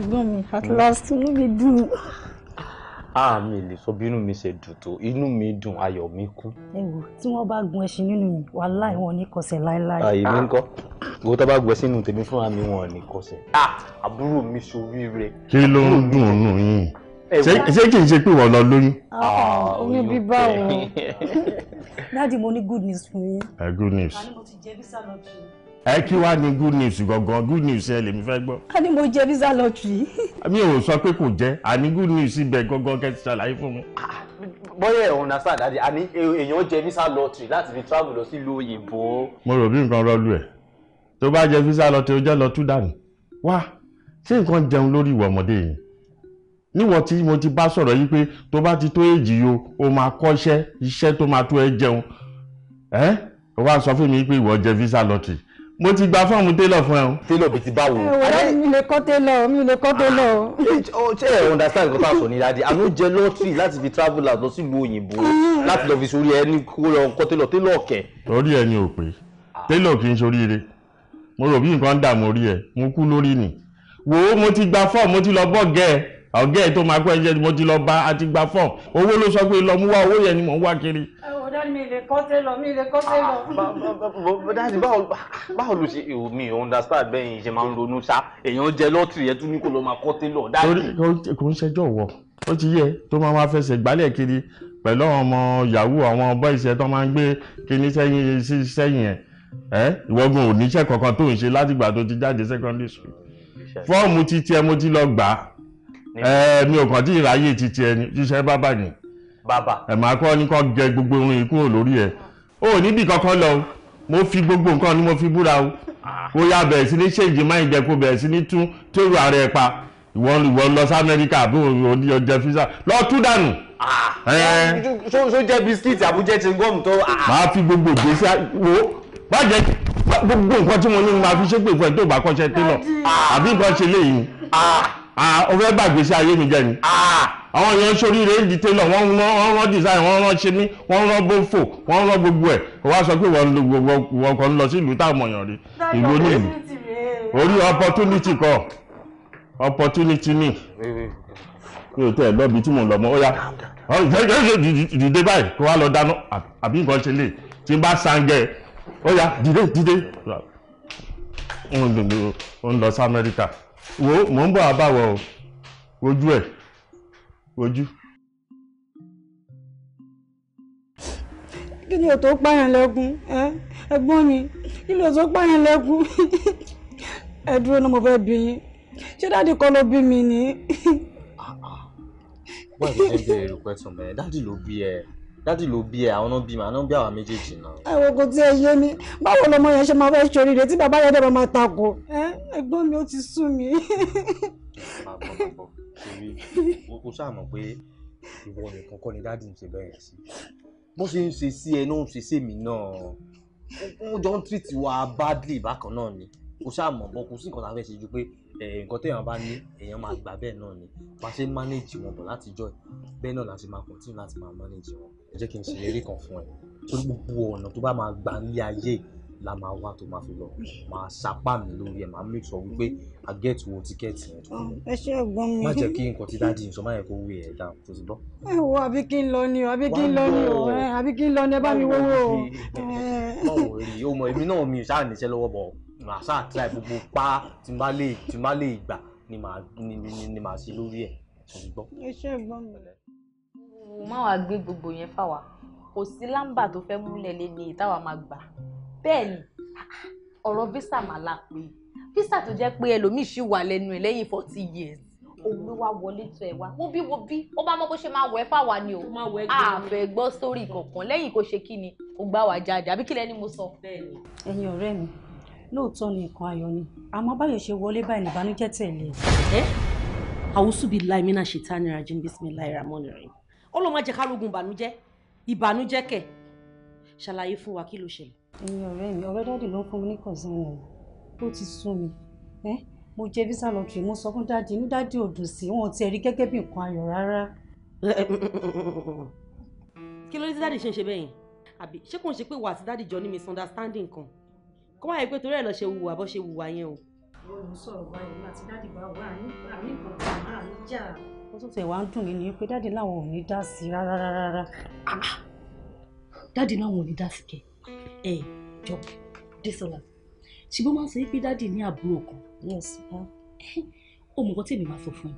ẹ̀gbọ́n mi at mm. last inú mi dùn. ah mi lè sọ bí inú mi ṣe dùn tó inú mi dùn ayọ̀ mi kú. ẹ wò tí wọ́n bá gun ẹṣin nínú mi wàláì wọn ní kọsẹ̀ láéláé. àyè ah, mi ah. ń kọ́ gbogbo tó bá gun ẹṣin nínú tèmi fúnra mi wọn ní kọsẹ̀. ah àbúrò mi ṣoríire. kí ló ń dùn ún yín ṣé kì í ṣe pé ìwọ lọ lóyún. Ah, oyún bíbá o dáàdi mo ní good news fún yín. Eh, good news. àní mo ti jẹ visa lọ́dún ẹ kí wàá ní good news gangan good news ẹ lèmi fẹ́ gbọ́. a ní mo jẹ visa lottery. mi ò sọ pé kò jẹ àní good news ibẹ̀ gangan kẹ́ ti ṣàlàyé fún mi. bọ́yẹ̀ ọ̀nà sàdáde àní èèyàn jẹ visa lottery láti fi travel lọ sílùú òyìnbó. mo rò bí nǹkan rọlù ẹ tó bá jẹ visa lottery ó jẹ lọ tú dànù wá ṣé nǹkan jẹun lórí ìwà ọmọdé yìí níwọ̀n tí mo ti bá sọ̀rọ̀ yìí pé tó bá ti tó èjì yo o máa kọ́ṣẹ́ iṣẹ́ tó máa tó ẹ jẹun ẹ wá sọ fún mi pé ìwọ jẹ visa lottery mo ti gba fọ́ọ̀mù télọ̀ fún ẹ o. télọ̀ bíi ti báwo. ẹ wọ́n mi lè kọ́ télọ̀ mi lè kọ́ télọ̀. Ah, ṣé ẹ understand nǹkan tá a sọ ní dáadé àmọ́ jẹ lọ́tìrì láti fi travel out lọ sílùú òyìnbó mm-hmm. láti lọ fi sórí ẹni kó lọ kọ́ télọ̀ télọ̀ ọ̀kẹ́. torí ẹni ò pé télọ̀ kì í ṣoríire mo rò bí nǹkan dààmú orí ẹ mo kú lórí ni wò mo ti gba fọ́ọ̀mù mo ti lọ bọ́ọ̀gẹ́ ẹ ọ̀gá ẹ̀ tó máa kọ́ ẹ̀ṣẹ́ mo ti lọ bá àti gba fọ́ọ̀mù owó ló sọ pé lọ mú wá owó yẹn ni mò ń wá kiri. ọ̀dà mi lè kọ́ sí lọ mi lè kọ́ sí lọ. Ah, bọ́dáàdì báwo ló ṣe èrò mi understand bẹ́ẹ̀ yẹn ṣe máa ń ronú ṣá èèyàn jẹ lọ́tìrì yẹn tún ní kó lọ máa kọ́ télọ̀ dáàdì. kò ń ṣẹjọ́ wọ ó ti yẹ tó máa máa fẹsẹ̀ gbálẹ̀ kiri pẹ̀lú àwọn ọmọ yahoo àwọn boys ẹ̀ tó máa ń gbé kinní sẹ́yìn sẹ́yìn ẹ̀ ẹ́ ìwọ́gun ò níṣẹ́ kankan tó ń ṣe látìgbà tó ti jáde secondary school fọ́ọ̀mù ti tiẹ̀ mo ti lọ gbà á ẹ mi ò kàn tí ìráyè titi ẹni ṣiṣẹ́ bábà ni. bàbá. ẹ máa kọ́ ní kọ́ gẹ gbogbo irun yìí lórí ẹ o ò níbi kankan lọ mo fi gbogbo nǹkan ni mo fi búra o ó yá bẹ̀rẹ̀ sí ní ṣèǹjì máa ń jẹ kó bẹ̀rẹ̀ sí ní tún tóru ààrẹ ẹ pa ìwọ ìwọ lọ sí amẹ́ríkà àbí òní ọjọ́ fisa lọ tú dànù. Ah. ṣó jẹ́ bisikíìtì àbújẹ́ ti gọ́ọ̀mù tó. Ah. máa fi gbogbo ìgbésí wo bàjẹ́ gbogbo nǹkan tí mo ní máa fi ṣépè fún ẹ tó bá kọ́ṣẹ́ télọ̀ àbí nǹkan ṣe léyìí ó fẹ́ gbàgbé sí ayé mi jẹ ni àwọn èèyàn sóríire ń di tailor wọ́n wọ́n wọ́n design wọ́n rán ṣe mí wọ́n rán bófò wọ́n rán gbogbo ẹ̀ wọ́n á sọ pé wọ́n kàn ń lọ sí ìlú táwọn èèyàn rí ìlú onílù orí opportunity kọ opportunity ni mi ò tẹ ẹ lọ́bi tí mò ń lọ mọ́ ó yá dìde báyìí kó wá lọ dáná àbí nǹkan ṣe lè tí n bá sàǹgẹ̀ ó yá dìde dìde ó ń lọ sí Amẹ́ríkà wo mò ń bọ̀ àbáwọ̀ o ojú ẹ̀ ojú. kí ni ò tó pààyàn lẹ́gùn ẹ ẹ̀gbọ́n mi kí ni ò tó pààyàn lẹ́gùn ẹ dúró náà mo fẹ́ bí yín ṣé dáàdi kọ́ ló bí mi ni. wọ́n ti ṣe ń bèrè request dáàdi ló bí ẹ dádì ló bí ẹ àwọn náà bí màá náà bí àwa méjèèjì náà. ẹ wo kò tí ẹ yé mi báwo lọmọ yẹn ṣe máa fẹ́ ṣoríire tí bàbá yẹn dẹ̀ máa takò ẹ ẹ̀gbọ́n mi ó ti sú mi. o ṣáà mọ̀ pé ìwọ nìkan kọ́ ni dádì ń ṣe bẹ́ẹ̀ sí bó ṣe ń ṣe sí ẹ náà ń ṣe sí èmi náà ó jọ ń tìrìtì wa badly bákan náà ni o ṣáà mọ̀ bọ́ kò sí nǹkan tá a fẹ́ ṣe ju pé nǹkan téèyàn bá ní èèyàn máa gbà bẹ́ẹ̀ náà ni bá ṣe ń manage wọn bọ̀ látijọ́ bẹ́ẹ̀ náà la ṣe máa continue láti máa manage wọn ẹ jẹ́ kí n ṣèlérí kan fún ẹ torí gbogbo ọ̀nà tó bá máa gbà ní ayé la máa wá tó máa fi lọ máa sapá mi lórí ẹ máa make sure wípé i get wo tíkẹ́ẹ̀tì yẹn tó lọ. ẹ ṣe gbọ́n mi. má jẹ́ kí nǹkan ti dáàdi nǹkan má yẹ kó wé ẹ̀ dá tó ti bọ́. ẹ wo àbí kí n lọ ni o àbí kí n lọ ni o àbí kí n lọ ni ẹ bá mi wówó o. báwo rí o mọ èmi náà mi ò ṣáà níṣẹ́ lọ́wọ́ bọ̀ màá ṣáà tíra gbogbo pa tí n bá lè gbà ni màá ṣe lórí ẹ̀ tó ti bọ́. ẹ ṣe gbọ́n mi má wàá gbé gbogbo yẹn fáwa kò sí lámbà tó fẹ́ múlẹ̀ lé ní ìtawà máa gbà bẹ́ẹ̀ ni ọ̀rọ̀ visa mà la pé visa tó jẹ́ pé ẹlòmíì ṣì wà lẹ́nu ẹ̀ lẹ́yìn forty years òun ló wá wọlé tó ẹ wá wo bí wo bí ó bá mọ bó ṣe máa wọ ẹ fáwa ni o àfẹ gbọ́ sórí kankan lẹ́yìn kó ṣe kí ni ó gbá wa jáde àbí kí lẹni mo sọ. ẹ̀yin ọ̀rẹ́ mi lóòótọ́ ni nǹkan ayọ̀ ni àmọ́ báyọ̀ ṣe wọlé báyìí nìbànújẹ́ tẹ̀lé ẹ̀. àwùsùbí láìmínà ṣètánira jíǹbísí mi láìra mọ́nìrín ọlọ́run má jẹ́ ká rogun ìbànújẹ́ ìbànújẹ́ kẹ̀ ṣàlàyé fún wa kí ló ṣẹlẹ̀. ẹ̀yin ọ̀rẹ́ mi ọ̀rẹ́ dáàdì ló ń fún mi ní kọ̀ọ̀sán ó ti sú mi ẹ́ mo jẹ visa lottery mo sọ fún dáàdì inú dáàdì ò dùn sí wọn ti ẹ̀ rí gẹ́gẹ́ bí nǹkan ayọ̀ rárá. kí ló dé tí dáàdì ṣe ń ṣe bẹ́ẹ̀ yẹn àbí ṣé kò ń ṣe pé wà àti dáàdì jọ ní misunderstanding kan kó má yẹ pé torí ẹ̀ lọ ṣe wùwà bó ṣe wùwà yẹn o. olùsọ̀rọ̀ báyìí láti dáàdì bá wà ní ìgbà nígbà tó máa ó tún tẹ̀ wá ń dùn mí ni pé dáàdì làwọn ò ní dá sí i rárá rárá. dáàdì làwọn ò ní dá sí kẹ ẹ jọ Désọlá ṣùgbọ́n máa ń sọ pé dáàdì ní àbúrò kan. yes ma. ó mọ nǹkan tí èmi máa sọ fún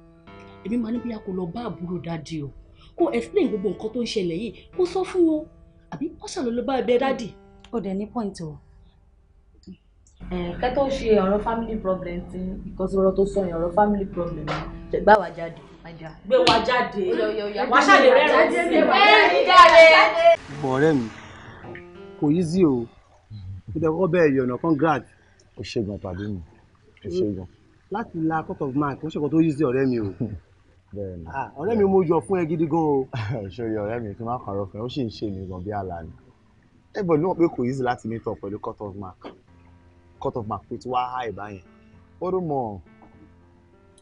ẹ èmi máa ní bóyá kó lọ bá àbúrò dáàdì o kó explain gbogbo nǹkan tó ń ṣẹlẹ̀ yìí kó sọ fún wọn àbí wọ́n ṣàlọ́lọ́ bá ẹbẹ dáàdì. ó dẹ̀ ní point o kẹ́ tó ṣe ọ̀rọ̀ family problem ti because ọ̀rọ̀ tó sọ ọ̀rọ̀ family problem tẹ̀gbá wa jáde gbé wa jáde wá ṣàlè rẹ́rìn rẹ́rìn jáde. ọ̀rẹ́ mi kò yí sí o kí lè kọ́ bẹ́ẹ̀ yọ̀nà congrats. ó ṣègùn pàdé mi ó ṣègùn. láti la court of mark. kò ṣèkọ́ tó yí sí ọ̀rẹ́ mi o ah, ọ̀rẹ́ mi mo yọ̀ fún ẹ gidi gan o. ṣòye ọ̀rẹ́ mi kí n má kàrọ̀ fún ẹ ó sì ń ṣe mi gan bí àlá ni ẹ̀bọ̀n ní wọ́n pé kò yí sí láti meet up pẹ̀lú court of mark court of mark pé tí wàá há ìbá ó dùn mọ́ ọ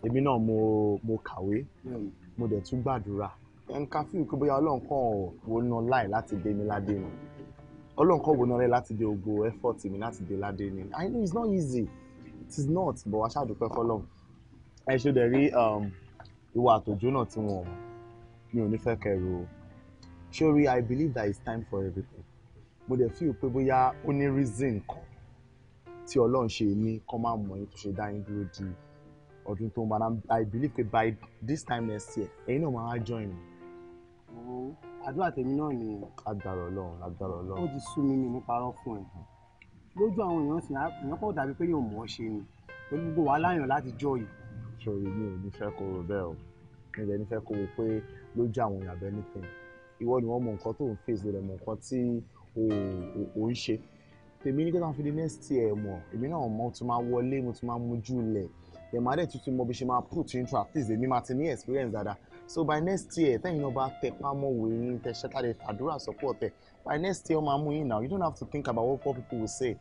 èmi náà mo mo kàwé hmm. mo dẹ̀ tún gbàdúrà ẹnka fíìmù pé bóyá ọlọ́run kàn wo ná láì láti dé mi ládé ni ọlọ́run kàn wo ná rẹ̀ láti dé gbogbo effort mi láti dé ládé ni I know it's not easy it is not but aṣáàdúpẹ́ fọlọ́run ẹ ṣe dẹ̀ rí um, ìwà àtòjú náà tí wọ́n mi ò ní fẹ́ kẹrù o sori I believe that it's time for everything mo dẹ̀ feel pé bóyá ó ní reason kan tí ọlọ́run ṣe ní kọ́ máa mọ̀ ẹ́ tó ṣe dá yín dúró di ọdún tó ń bọ̀ and i believe pé by this time next year ẹ̀yin náà máa join mi. àdúrà tèmi náà nìyẹn. agbára Ọlọ́run agbára Ọlọ́run. ó ti sú mi ní mo parọ́ fún ẹ hmm. lójú àwọn èèyàn sì èèyàn kò dàbí pé yóò mọ̀ ọ́ ṣe ni pẹ̀lú gbogbo wàhálà yàn láti jọ yìí. sori mi ò ní fẹ́ kó o bẹ́ẹ̀ o mi ò ní fẹ́ kó o pé lójú àwọn èèyàn abẹ́ nìkan ìwọ ni wọ́n mọ nǹkan tó ń fèsì rẹ̀ mọ nǹkan tí ò ń ṣe tèmi ní kí wọ́n fi di next year mọ̀ èmi náà mọ̀ mo ti máa wọlé mo ti máa mojú lẹ̀ then màá dẹ̀ tuntun mọ bí ṣe put into at least èmi máa ti ní experience dáadáa so by next year tẹ́yìn náà bá tẹpá mọ́ wẹ̀yìn tẹ̀sẹ̀ tàdé àdúrà support by next year ó máa mú yín now you don't have to think about what poor people will say.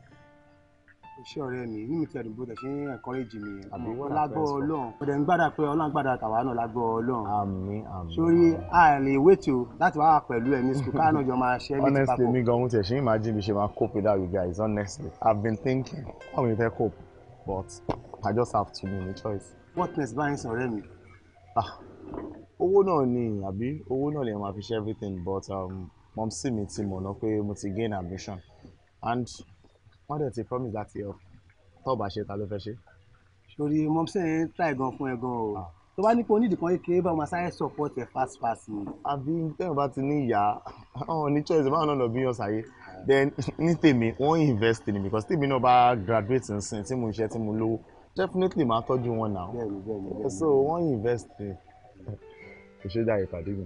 iṣẹ́ ọ̀rẹ́ mi inú mi ti ẹ̀dùn bóde ṣe ń encourage mi lágbọ́ ọlọ́run ọ̀dẹ̀ ń gbàdá pé ọlọ́run gbàdá tàwa náà lágbọ́ ọlọ́run àmín àmín sórí àìlè wètò láti wá pẹ̀lú ẹ̀mí sùkúl káà náà jọ máa ṣe é bí ti papọ̀. honestly mi gan mo tiẹ̀ ṣe ń imagine bí ṣe máa cope with you guys honestly I've been thinking how we fẹ́ cope but I just have to make a choice. What next buying, sàn ọ̀rẹ́ Ah, Owó náà ni àbí owó náà lè máa fi ṣe everything but um, mom sí me ti mọ̀ náà pé mo ti gain admission, and wọ́n dẹ̀ ti promise that help tó bá ṣe ta ló fẹ́ ṣe. Sori mom sí ẹ̀ try gan fún ẹ gan o. Ah. Tó bá ní pé onídìí kan kékeré bá wọn sáré support ẹ fast fast ni. Àbí tẹ́wọ̀n bá ti ní ìyá ọ̀hún ní choice báwọn náà lọ bí yàn sáyé then ní tèmi wọ́n invest in me because tèmi náà bá graduate nsìn tí mo ń ṣe tí mo lówó definitely máa tọ́jú wọn now. so wọ́n invest in kò ṣe é dá ìpàdé mi.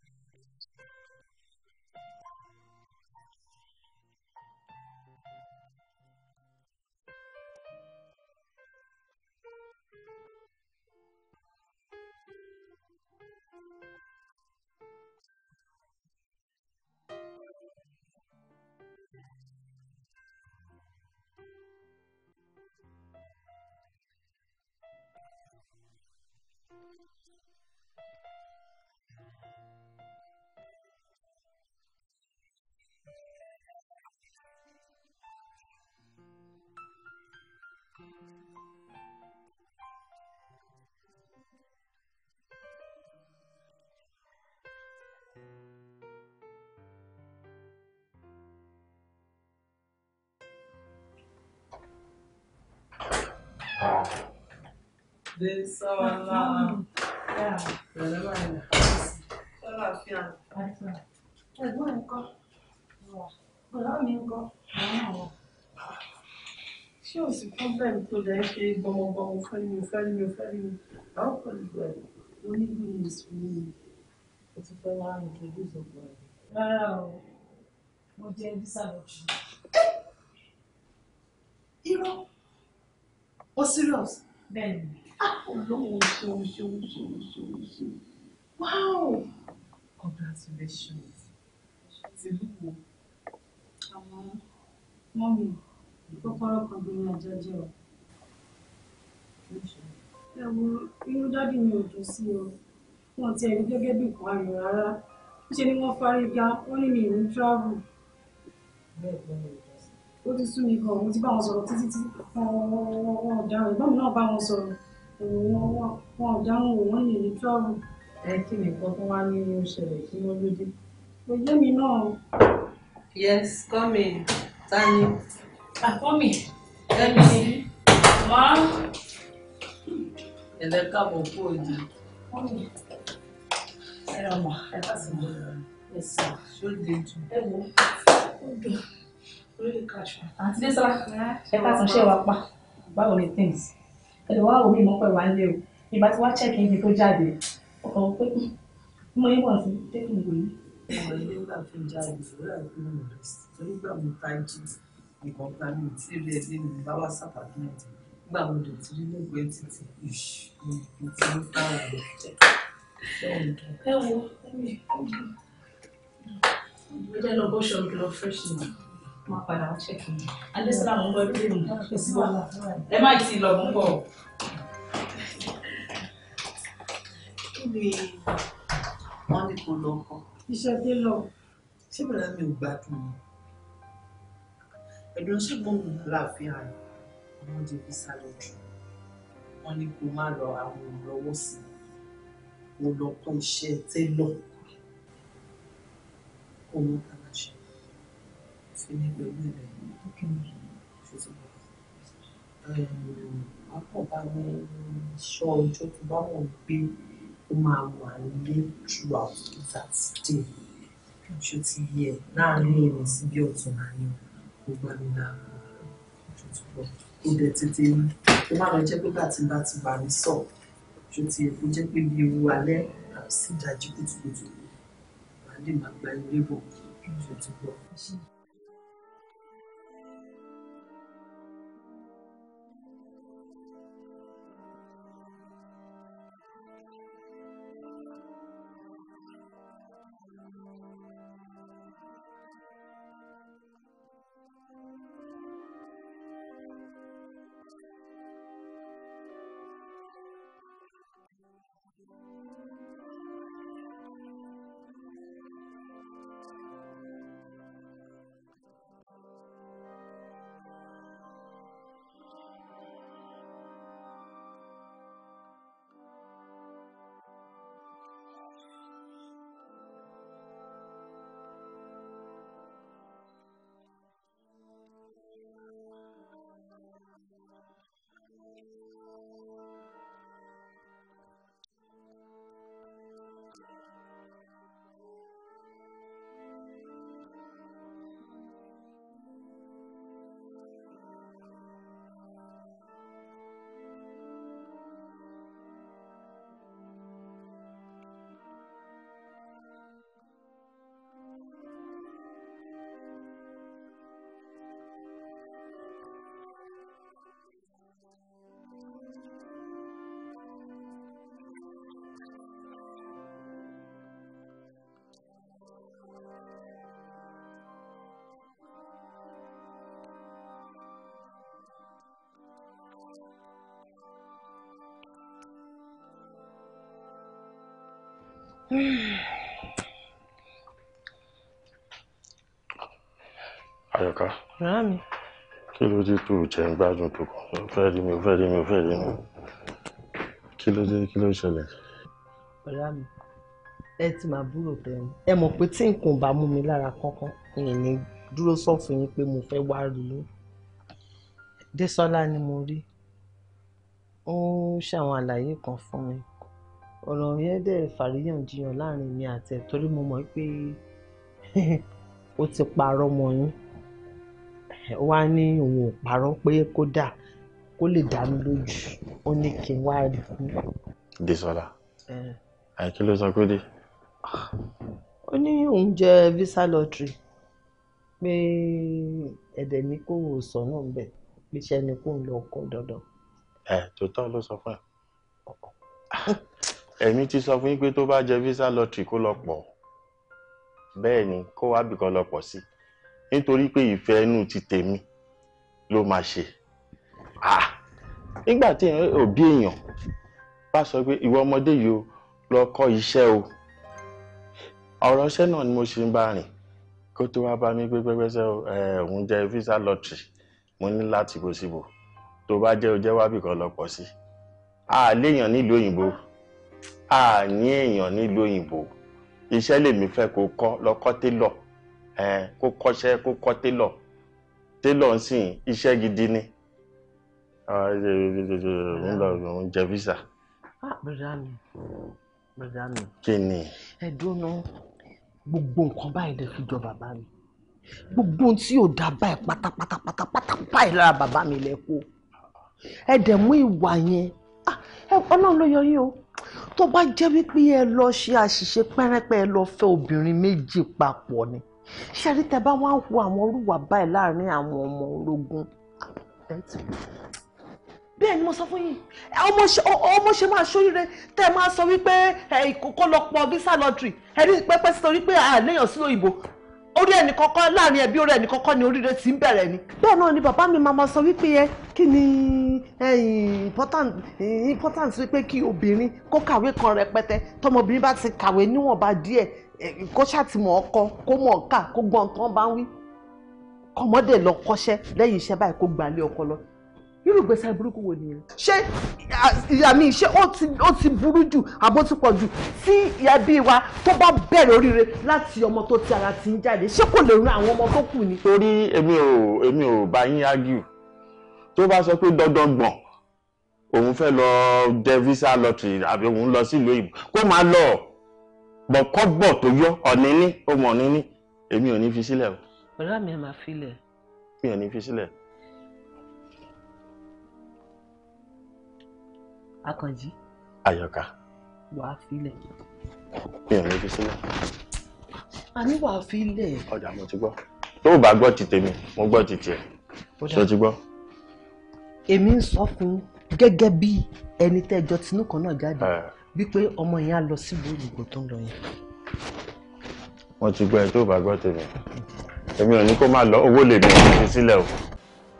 They saw Allah. Yeah. Whenever in the house. Salah Fian. Ẹ̀gbọ́n ẹ̀ kọ́. Bọ̀dá mi ń kọ́. Ṣé o sì fún bẹ́ẹ̀ tó lẹ́ ṣe gbọmọgbọmọ fẹ́ mi ò fẹ́ mi ò fẹ́ mi? Báwo kọ́ ni ìgbà yìí? Mo ní bí o ti fẹ́ wá ìtọ́jú Rárá o, mo jẹ́ bísà lọ́jọ́. Irọ́ ó serious. bẹ́ẹ̀ni. ah olówó ṣeun ṣeun ṣeun ṣeun ṣeun wow congratulations tìlú wo. àwọn mọ́mí kọ́kọ́rọ́ kan bí ní ajá jẹ́ ọ. ẹ wo inú dádì mi ò dùn sí o wọn ti ẹ̀rí gẹ́gẹ́ bí nǹkan ayọ̀ rárá ṣe ni wọ́n fárígá wọ́n ní mi ìlú travel. bẹ́ẹ̀ bẹ́ẹ̀ ó ti sú mi gan mo ti bá wọn sọ̀rọ̀ títí tí wọn ò dáhùn ìbọn náà bá wọn sọ̀rọ̀ wọn ò dáhùn wọn ní ní tọ́ọ̀bù. ẹ kí ni nǹkan tó wá ní ó ṣẹlẹ̀ kí wọ́n lójú. kò yé mi náà. yes come in tani. àkọ́mì. ẹ̀mí ni. wá. ẹ̀lẹ́ káàbọ̀ kú òdì. ẹ̀rọ mọ̀ ẹ̀ bá sì mọ̀. ẹ̀sà ṣó lè dùn. ẹ ó dùn àǹtí désọlá ẹ káàtàn ṣe wà pa báwo ni things ẹ̀dọ̀ wá omi ìmọ̀ pẹ̀lú àlẹ́ o ìgbà tí wàá check in tó jáde ọkọ̀ hmm, pé mo yín wà fún tẹ́kùn ìwé yìí. ọmọ ilé ńlá fi ń jáde ìṣòro àìkú mọ̀ rẹ̀ torí gbà mí táìjì nìkan ta mi tí ilé ẹgbẹ́ mi bá wá sàpàdánù gbà mo lè ti rí lẹ́gbẹ̀ẹ́ títí ìṣòro tí ó bá wà lọ́jọ́. ẹ wo ẹ mi ẹ jẹ́ lọ bọ́ṣọ̀ mi lọ fresh ni máa padà wá ṣe fún mi adésínà mo ń bọ̀ dúró mi kò sí wàhálà ẹ má ti lọ mú bọ̀. kí ni wọ́n ní kó lọ kọ́. iṣẹ́ dé lọ. ṣé bàbá mi ò gbádùn mi ẹ̀dùn ṣé gbóhùn láàfin àná àwọn ti fi sá lójú wọ́n ní kó má lọ àwọn olówó sí i kó lọ kọ́ iṣẹ́ tẹ́lọ̀ kó mú ta sílé pẹ̀lú rẹ̀ àkọ́bá ní sọ ọjọ́ tó bá wọ̀ pé ó máa wà nílé throughout that day ṣó ti yẹ láàrin èmi sí bí ọ̀tún àná mo gbà mí láàbò ṣó ti pọ̀ ó dẹ̀ tètè rí ó má lọ jẹ́ pé bàtí bá ti bà mí sọ̀ ṣó ti yẹ kó jẹ́ pé bí ewu alẹ́ àbí sí ìdájí kùtùkùtù màá lè má gba ilé bọ̀ ṣó ti pọ̀. Àyọ̀ká. Màá mi. Kí ló dé tó jẹ́ ń gbádùn tó kàn? Mo fẹ́ rí mi, mo fẹ́ rí mi, mo fẹ́ rí mi. Kí ló dé, kí ló ṣẹlẹ̀? Ọ̀rá mi, ẹ ti máa búrò tẹ̀wọ̀n. Ẹ mọ̀ pé tí nǹkan bá mú mi lára kankan, ìyẹn ni dúró sọ fún yín pé mo fẹ́ wá rí i. Désọ́lá ni mo rí. Ó ń ṣàwọn àlàyé kan fún mi ọ̀rọ̀ yẹn dẹ̀ fàríyànjiyàn láàrin mi àti ẹ̀ torí mo mọ̀ pé ó ti parọ́ mọ́ yín ó wá ní òun ò parọ́ pé kó dà kó lè dá lójú ó ní kí n wá rí i. Desola àìkí ló sọ pé dé. ó ní òun jẹ visa lottery pé ẹ̀dẹ̀ ní kò sọ náà bẹ̀ pé iṣẹ́ ni kò ń lọ ọkọ̀ dandan. ẹ tòótọ́ ló sọ fún ẹ. èmi ti sọ fún yín pé tó bá jẹ visa lottery kó lọ pọ̀ bẹ́ẹ̀ ni kó wá bìkan lọ pọ̀ sí nítorí pé ìfẹ́ inú ti tèmi ló máa ṣe nígbà tí òbí èèyàn bá sọ pé ìwọ ọmọdé yìí o lọ kọ́ iṣẹ́ o ọ̀rọ̀ iṣẹ́ náà ni mo ṣe ń bá rìn kó tó wá bá mi pé pẹ́pẹ́sẹ́ òun jẹ visa lottery mo ní láti bó síbò tó bá jẹ́ o jẹ́ wábìkan lọ pọ̀ sí a léèyàn nílùú òyìnbó a ní èèyàn nílùú òyìnbó iṣẹ́ lèmi fẹ́ kó kọ́ lọ́kọ́ télọ̀ kó kọ́ṣẹ́ kó kọ́ télọ̀ télọ̀ ń sìn iṣẹ́ gidi ni ń jẹ visa. bàdá mi bàdá mi. kí ni. ẹ dúró gbogbo nǹkan báyìí lè fi jọ bàbá mi gbogbo ohun tí yóò dá báyìí pátápátá pátápátá báyìí lára bàbá mi lẹ kó ẹ dẹ̀ mú ìwà yẹn ọlọ́run ló yọ yín o tó bá jẹ́ wípé ẹ lọ ṣe àṣìṣe pẹ́rẹ́pẹ́ ẹ lọ fẹ́ obìnrin méjì papọ̀ ni ṣẹ́rí tẹ bá wá ń hu àwọn olúwa báyìí láàrin àwọn ọmọ ológun bẹ́ẹ̀ ni mo sọ fún yín ọmọ ṣe máa ṣoríire tẹ́ ẹ máa sọ wípé ìkókó lọ pọ̀ visa lottery ẹni pẹ́pẹ́ sí torí pé àléyàn sí òyìnbó orí ẹnì kọ́kọ́ láàrin ẹbí orí ẹnì kọ́kọ́ ni oríire ti ń bẹ̀rẹ̀ ni. bẹ́ẹ̀ náà ni bàbá mi máa ma sọ wípé ẹ kí ni Eh, important eh, pé kí obìnrin kó kàwé kan rẹpẹtẹ tọmọbìnrin bá ti kàwé níwọ̀nba díẹ̀ eh, kó ṣàtìmọ̀ ọkọ kó mọ̀ ká kó gbọ́n tán bá ń wí kọmọdé lọ kọ́ṣẹ́ lẹ́yìn iṣẹ́ báyìí kó gbà ọkọ lọ irú gbèsè burúkú wo nìyẹn. ṣé ìyá ṣé ó ti burú jù àbó ti pọ̀ jù tí ìyá bí wa tó bá bẹ̀rẹ̀ oríire láti ọmọ tó ti ara ti ń jáde ṣé kò lè ran àwọn ọmọ tó kù ni. torí èmi ò èmi ò bá yín argue tó bá sọ pé dandan gbọ̀n òun fẹ́ lọ jẹ visa lottery àbí òun lọ sílùú òyìnbó kó máa lọ bọ̀ kọ́bọ̀ tó yọ ọ̀níní ó mọ̀ ọ̀níní èmi ò ní fi sílẹ̀ o. ọ̀rẹ́ mi máa filẹ̀. mi ò ní fi sílẹ̀. Akànjí. Àyọ̀ká. wàá filẹ̀. mi ò ní fi sílẹ̀. a ní wàá filẹ̀. ọjà mo ti gbọ́ tó o bá gbọ́ ti tèmi mo gbọ́ ti tiẹ̀ ṣé ti gbọ́ èmi ń sọ fún gẹ́gẹ́ bí ẹni tẹ́jọ tinú kan náà jáde eh. wípé ọmọ yẹn á lọ sílùú òyìnbó tó ń lọ yẹn. wọ́n ti gbọ́ ẹ tó bá gbọ́ tèmi èmi ò ní kó máa lọ owó lèmi ò fi sílẹ̀ o.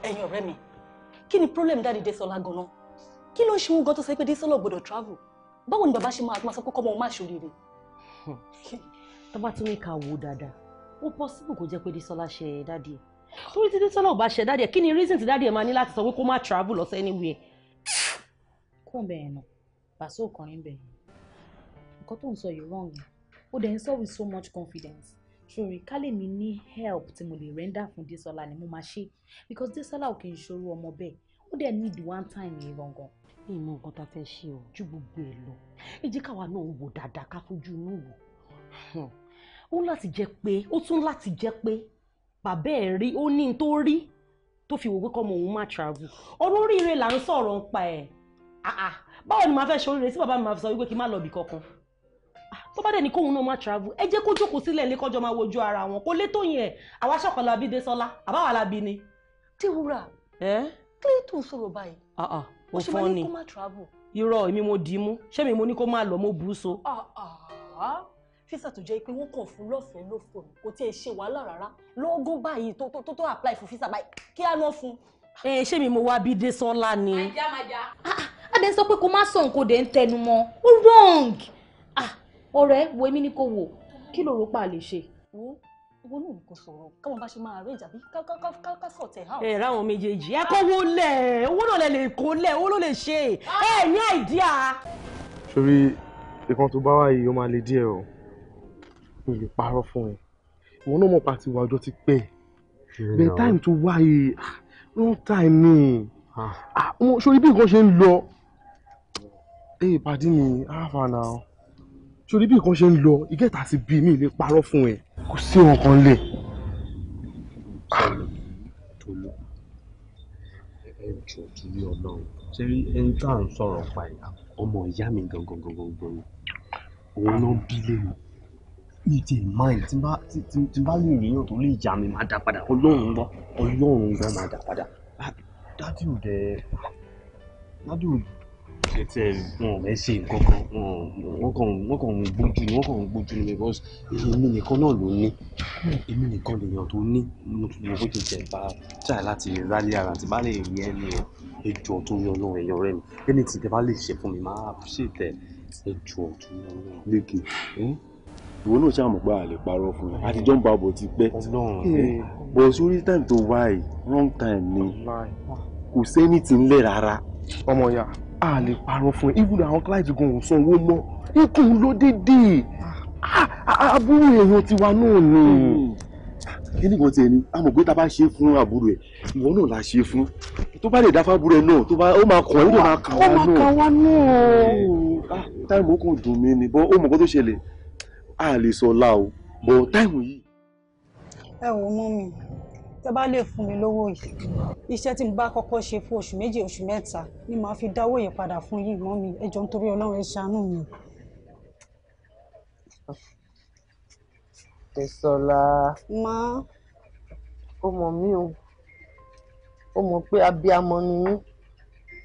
ẹ̀yin ọ̀rẹ́ mi kí ni problem dáàdi Désọlá ganan kí ló ń ṣe wọn gan tó sọ pé Désọlá gbọ́dọ̀ travel báwo ni bàbá ṣe máa máa sọ pé kọ́mọ òun máa ṣòrire. tó bá tún ní ká wò ó dáadáa ó possible kó jẹ́ pé Désọlá ṣe dáàdi ẹ̀ torí títí tí ọlọ́ọ̀bá ṣe dáadé kí ni reason ti dáadé máa ní láti sọ pé kó má travel lọ sẹ́ni wíyẹn. kò bẹ́ẹ̀ nà bàṣọ ọkùnrin bẹ́ẹ̀ nǹkan tó ń sọ yìí wrong ó dẹ̀ ń sọ with so much confidence sori ká lè mi ní help tí mo lè render fún Desola ni mo máa ṣe because Desola ò kì í ṣòro ọmọ bẹ́ẹ̀ ó dẹ̀ need one time yìí gangan ìmọ̀ nǹkan tá a fẹ́ ṣe o ju gbogbo ẹ̀ lọ ẹ jẹ́ káwa náà wò dáadáa ká fojú inú wò ó láti jẹ́ pé ó tún láti jẹ́ pé bàbá ẹ̀ rí ó ní tó rí tó fi wò pé kọ́ ọmọ òun máa travel ọ̀rọ̀ oríire là ń sọ̀rọ̀ ń pa ẹ̀ ah, ah, báwo ni màá fẹ́ ṣe oríire tí bàbá mi máa fi sọ wípé kí n má lọ bì kankan ah, tó bá dẹ̀ ní kóun náà máa travel ẹ jẹ́ kó jókòó sílẹ̀ ní kọjọ́ máa wojú ara wọn kó lé tó yẹn àwa ṣọ̀kan la bí dé sọ́lá àbáwá la bí ni. tíwúrà kí ló tó ń sọ̀rọ̀ báyìí. ó ṣe máa ní kó má travel. irọ́ èmi mo dì í mú ṣé mi mo ní kó má lọ mo bù ú so físà tó jẹ́ pé wọ́n kàn fún lọ́fẹ̀ẹ́ lọ́fẹ̀ẹ́ kò tiẹ̀ ṣe wàhálà rárá lógún báyìí tó tó apply fún físà báyìí kí á ná fún. ẹ eh, ṣé mi mo wá bí Désọ́lá ni. àjà màjà. Ah, ah, adé ń sọ pé kó má sọ nǹkan dé ń tẹnu mọ́ ó wrong ah, ọ̀rẹ́ wo èmi ni kò wò kí ló rò pa lè ṣe. owó náà ni kò sọ̀rọ̀ káwọn bá ṣe máa arrange àbí ká sọ̀tẹ̀ hàn. ẹ ráwọn méjèèjì ẹ kọ́wó lẹ̀ owó náà lè lè kó lẹ̀ owó ló lè ṣe ẹ eh, ní àìdíà. sori ìkan tó bá wà yìí ó máa le díẹ̀ mi lè parọ́ fún ẹ ìwọ náà mọ̀ pa ti wá ọjọ́ ti pẹ́ bẹ́ẹ̀ táìmù tó wáyé wrong ah, time ni sori ah. ah, bí nǹkan ṣe ń lọ ee pàdé mi àáfà náà sori bí nǹkan ṣe ń lọ ìgẹ́ta sí bí mi lè parọ́ fún ẹ kò sí ọkàn lẹ̀. tolu ẹ jọ ẹni tá à ń sọ̀rọ̀ pa ẹ ọmọ ìyá mi gangan gangan gangan òun náà bí lẹ́nu mi ti mind tí tí bá lè rí yàn tó lè yà mí máa dá padà ọlọ́run gbọ́ ọlọ́run gbọ́ máa dá padà ah, dádì ò dẹ dádì ò dẹ tẹ wọn ò mẹ́sẹ̀ nǹkan wọn kàn ń gbójú ni wọn kàn ń gbójú ni because èmi nìkan náà ló ní èmi nìkan lèèyàn tó ní mo tún mo bójú tẹ bá try láti rálé ara tí bá lè rí ẹni o ẹjọ tó yọ ọlọ́run ẹyọ rẹ mi ẹni tí tẹ bá lè ṣe fún mi máa ṣètẹ ẹjọ tó yọ ọlọ́run lẹkẹ ẹ ìwọ náà ṣàmù pé a lè parọ́ fún yẹn àtijọ́ ń ba bọ̀ ti pẹ́ bọ̀ sórí time to why? wrong time ni kò sẹ́ni tí ń lẹ̀ rárá. ọmọ ìyá a lè parọ́ fún ẹ even àwọn clients gan ò san owó mọ́ ikùn ló dédé àbúrò èèyàn tiwa náà ni. Hmm. kíni kan tiẹ̀ ni a mọ̀ pé tá a bá ṣe fún àbúrò ẹ̀ ìwọ náà la ṣe fún tó bá lè dáfá àbúrò ẹ̀ náà tó bá ó máa kàn ó máa kàn wá náà. ó máa kàn wá náà. táìmù ó kàn dùn mí ni bọ́ ó mọ̀ kó tó ṣẹlẹ̀ a lè sọ ọ̀la o bọ̀ táìmù yìí. ẹ wò mọ́ mi tẹ bá lè fún mi lówó yìí iṣẹ́ tí mo bá kọ́kọ́ ṣe fún oṣù méjì oṣù mẹ́ta ni màá fi dáwó yẹn padà fún yìí mọ́ mi ẹ jọ̀ọ́ nítorí Ọlọ́run ẹ ṣàánú mi. Tẹ̀sọ́lá. Má. Ó mọ̀ o. Ó mọ̀ pé abiyamọ ni mí.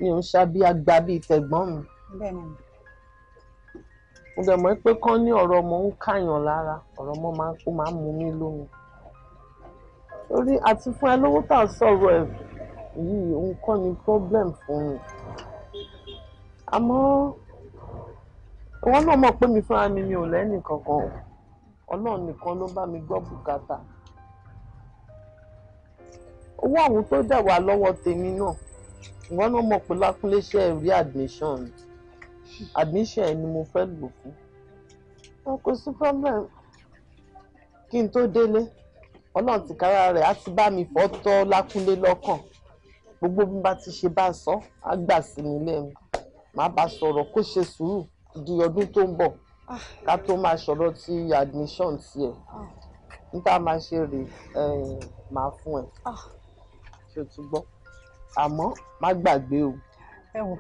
Mi ò ń ṣàbí àgbà bíi tẹ̀gbọ́n mi. Bẹ́ẹ̀ni mo dẹ̀ mọ̀ pé kán ní ọ̀rọ̀ ọmọ ń kàyàn lára ọ̀rọ̀ ọmọ máa ń máa mú mi lómi torí àti fún ẹ lówó tà sọ̀rọ̀ ẹ̀ yìí òun kọ́ ni problem fún mi àmọ́ ìwọ náà mọ̀ pé mi fúnra mi mi ò lẹ́nì kankan ọlọ́run nìkan ló bá mi gbọ́ bùkátà owó àwọn tó dẹ̀ wà lọ́wọ́ tèmi náà ìwọ náà mọ̀ pé lákúnléṣẹ́ rí admission ni admission ẹ ni mo fẹ́ lò fún wọn kò sí problem kí n tó délé ọlọ́run ti kára rẹ̀ á ti bá mi fọ́ tọ́ lákúnlé lọ́kàn gbogbo bí n bá ti ṣe bá a sọ á gbà sí mi lẹ́nu màá bá sọ̀rọ̀ kó ṣe sùúrù di ọdún tó ń bọ̀ ká tó máa sọ̀rọ̀ ti admission tiẹ̀ níta máa ṣe rè eh, máa fún ẹ ṣe àmọ́ má gbàgbé o. ẹ wò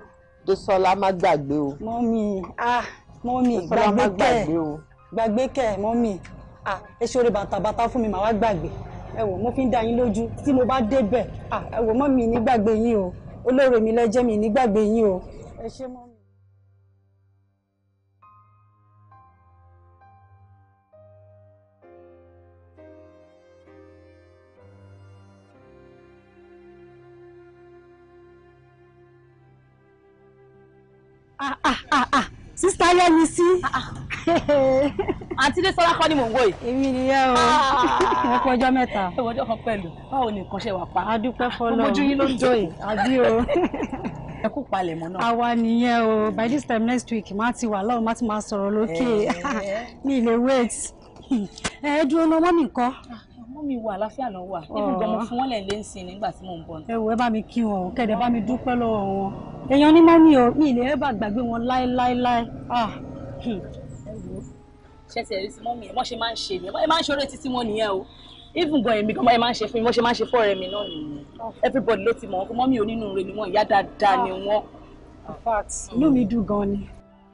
Désọ́lá má gbàgbé o. mọ́mì ah mọ́mì gbàgbé kẹ́ gbàgbé kẹ́ mọ́mì ah ẹ ṣoore bàtàbàtà fún mi màá wá gbàgbé ẹ wò mo fi ń dá yín lójú tí mo bá débẹ̀ ah ẹ wò mọ́mì ní gbàgbé yín o olóore mi lẹ́jẹ́ mi ní gbàgbé yín o ẹ ṣé mọ́. sáyẹ́ mi sí. àǹtí Désọ́lá kọ́ ni mò ń wò yìí. èmi nìyẹn o ah. ẹ kú ọjọ́ mẹ́ta. ẹ wọ ọjọ́ kan pẹ̀lú báwo ni nǹkan ṣe wà pa. a dúpẹ́ fọlọ́ ojú yín ló ń jó yìí àbí o. ẹ kú palẹ̀ mọ́ náà. àwa nìyẹn o by this time next week má ti wà lọ́wọ́ má ti máa sọ̀rọ̀ lókè eh. mi lè wait. ẹ dúró náà mọ́mì nǹkan mú mi wà àlàáfíà lọ wà nínú gbọmọ fún wọn lẹ lé nsìn nígbà tí mò ń bọ̀. ẹ wò ẹ bá mi kí wọn o kẹdẹ bá mi dúpẹ́ lọ́wọ́ wọn èèyàn ní mọ́mí o mi ìlẹ̀ ẹ bá gbàgbé wọn láéláéláé. Ah, hmm. ṣé ti ẹ̀rí sí mọ́mí ẹ̀ mọ́ ṣe máa ń ṣe ni ẹ máa ń ṣe oore títí wọn nìyẹn o even gan èmi gan ẹ máa ń ṣe fún mi mo ṣe máa ń ṣe fọ́ọ̀rẹ́ mi náà nìyẹn everybody ló ti mọ̀ wọn fún mọ́mí onínúure ni wọn ìyá dáadáa ni ah. wọn. inú mi dùn gan ni.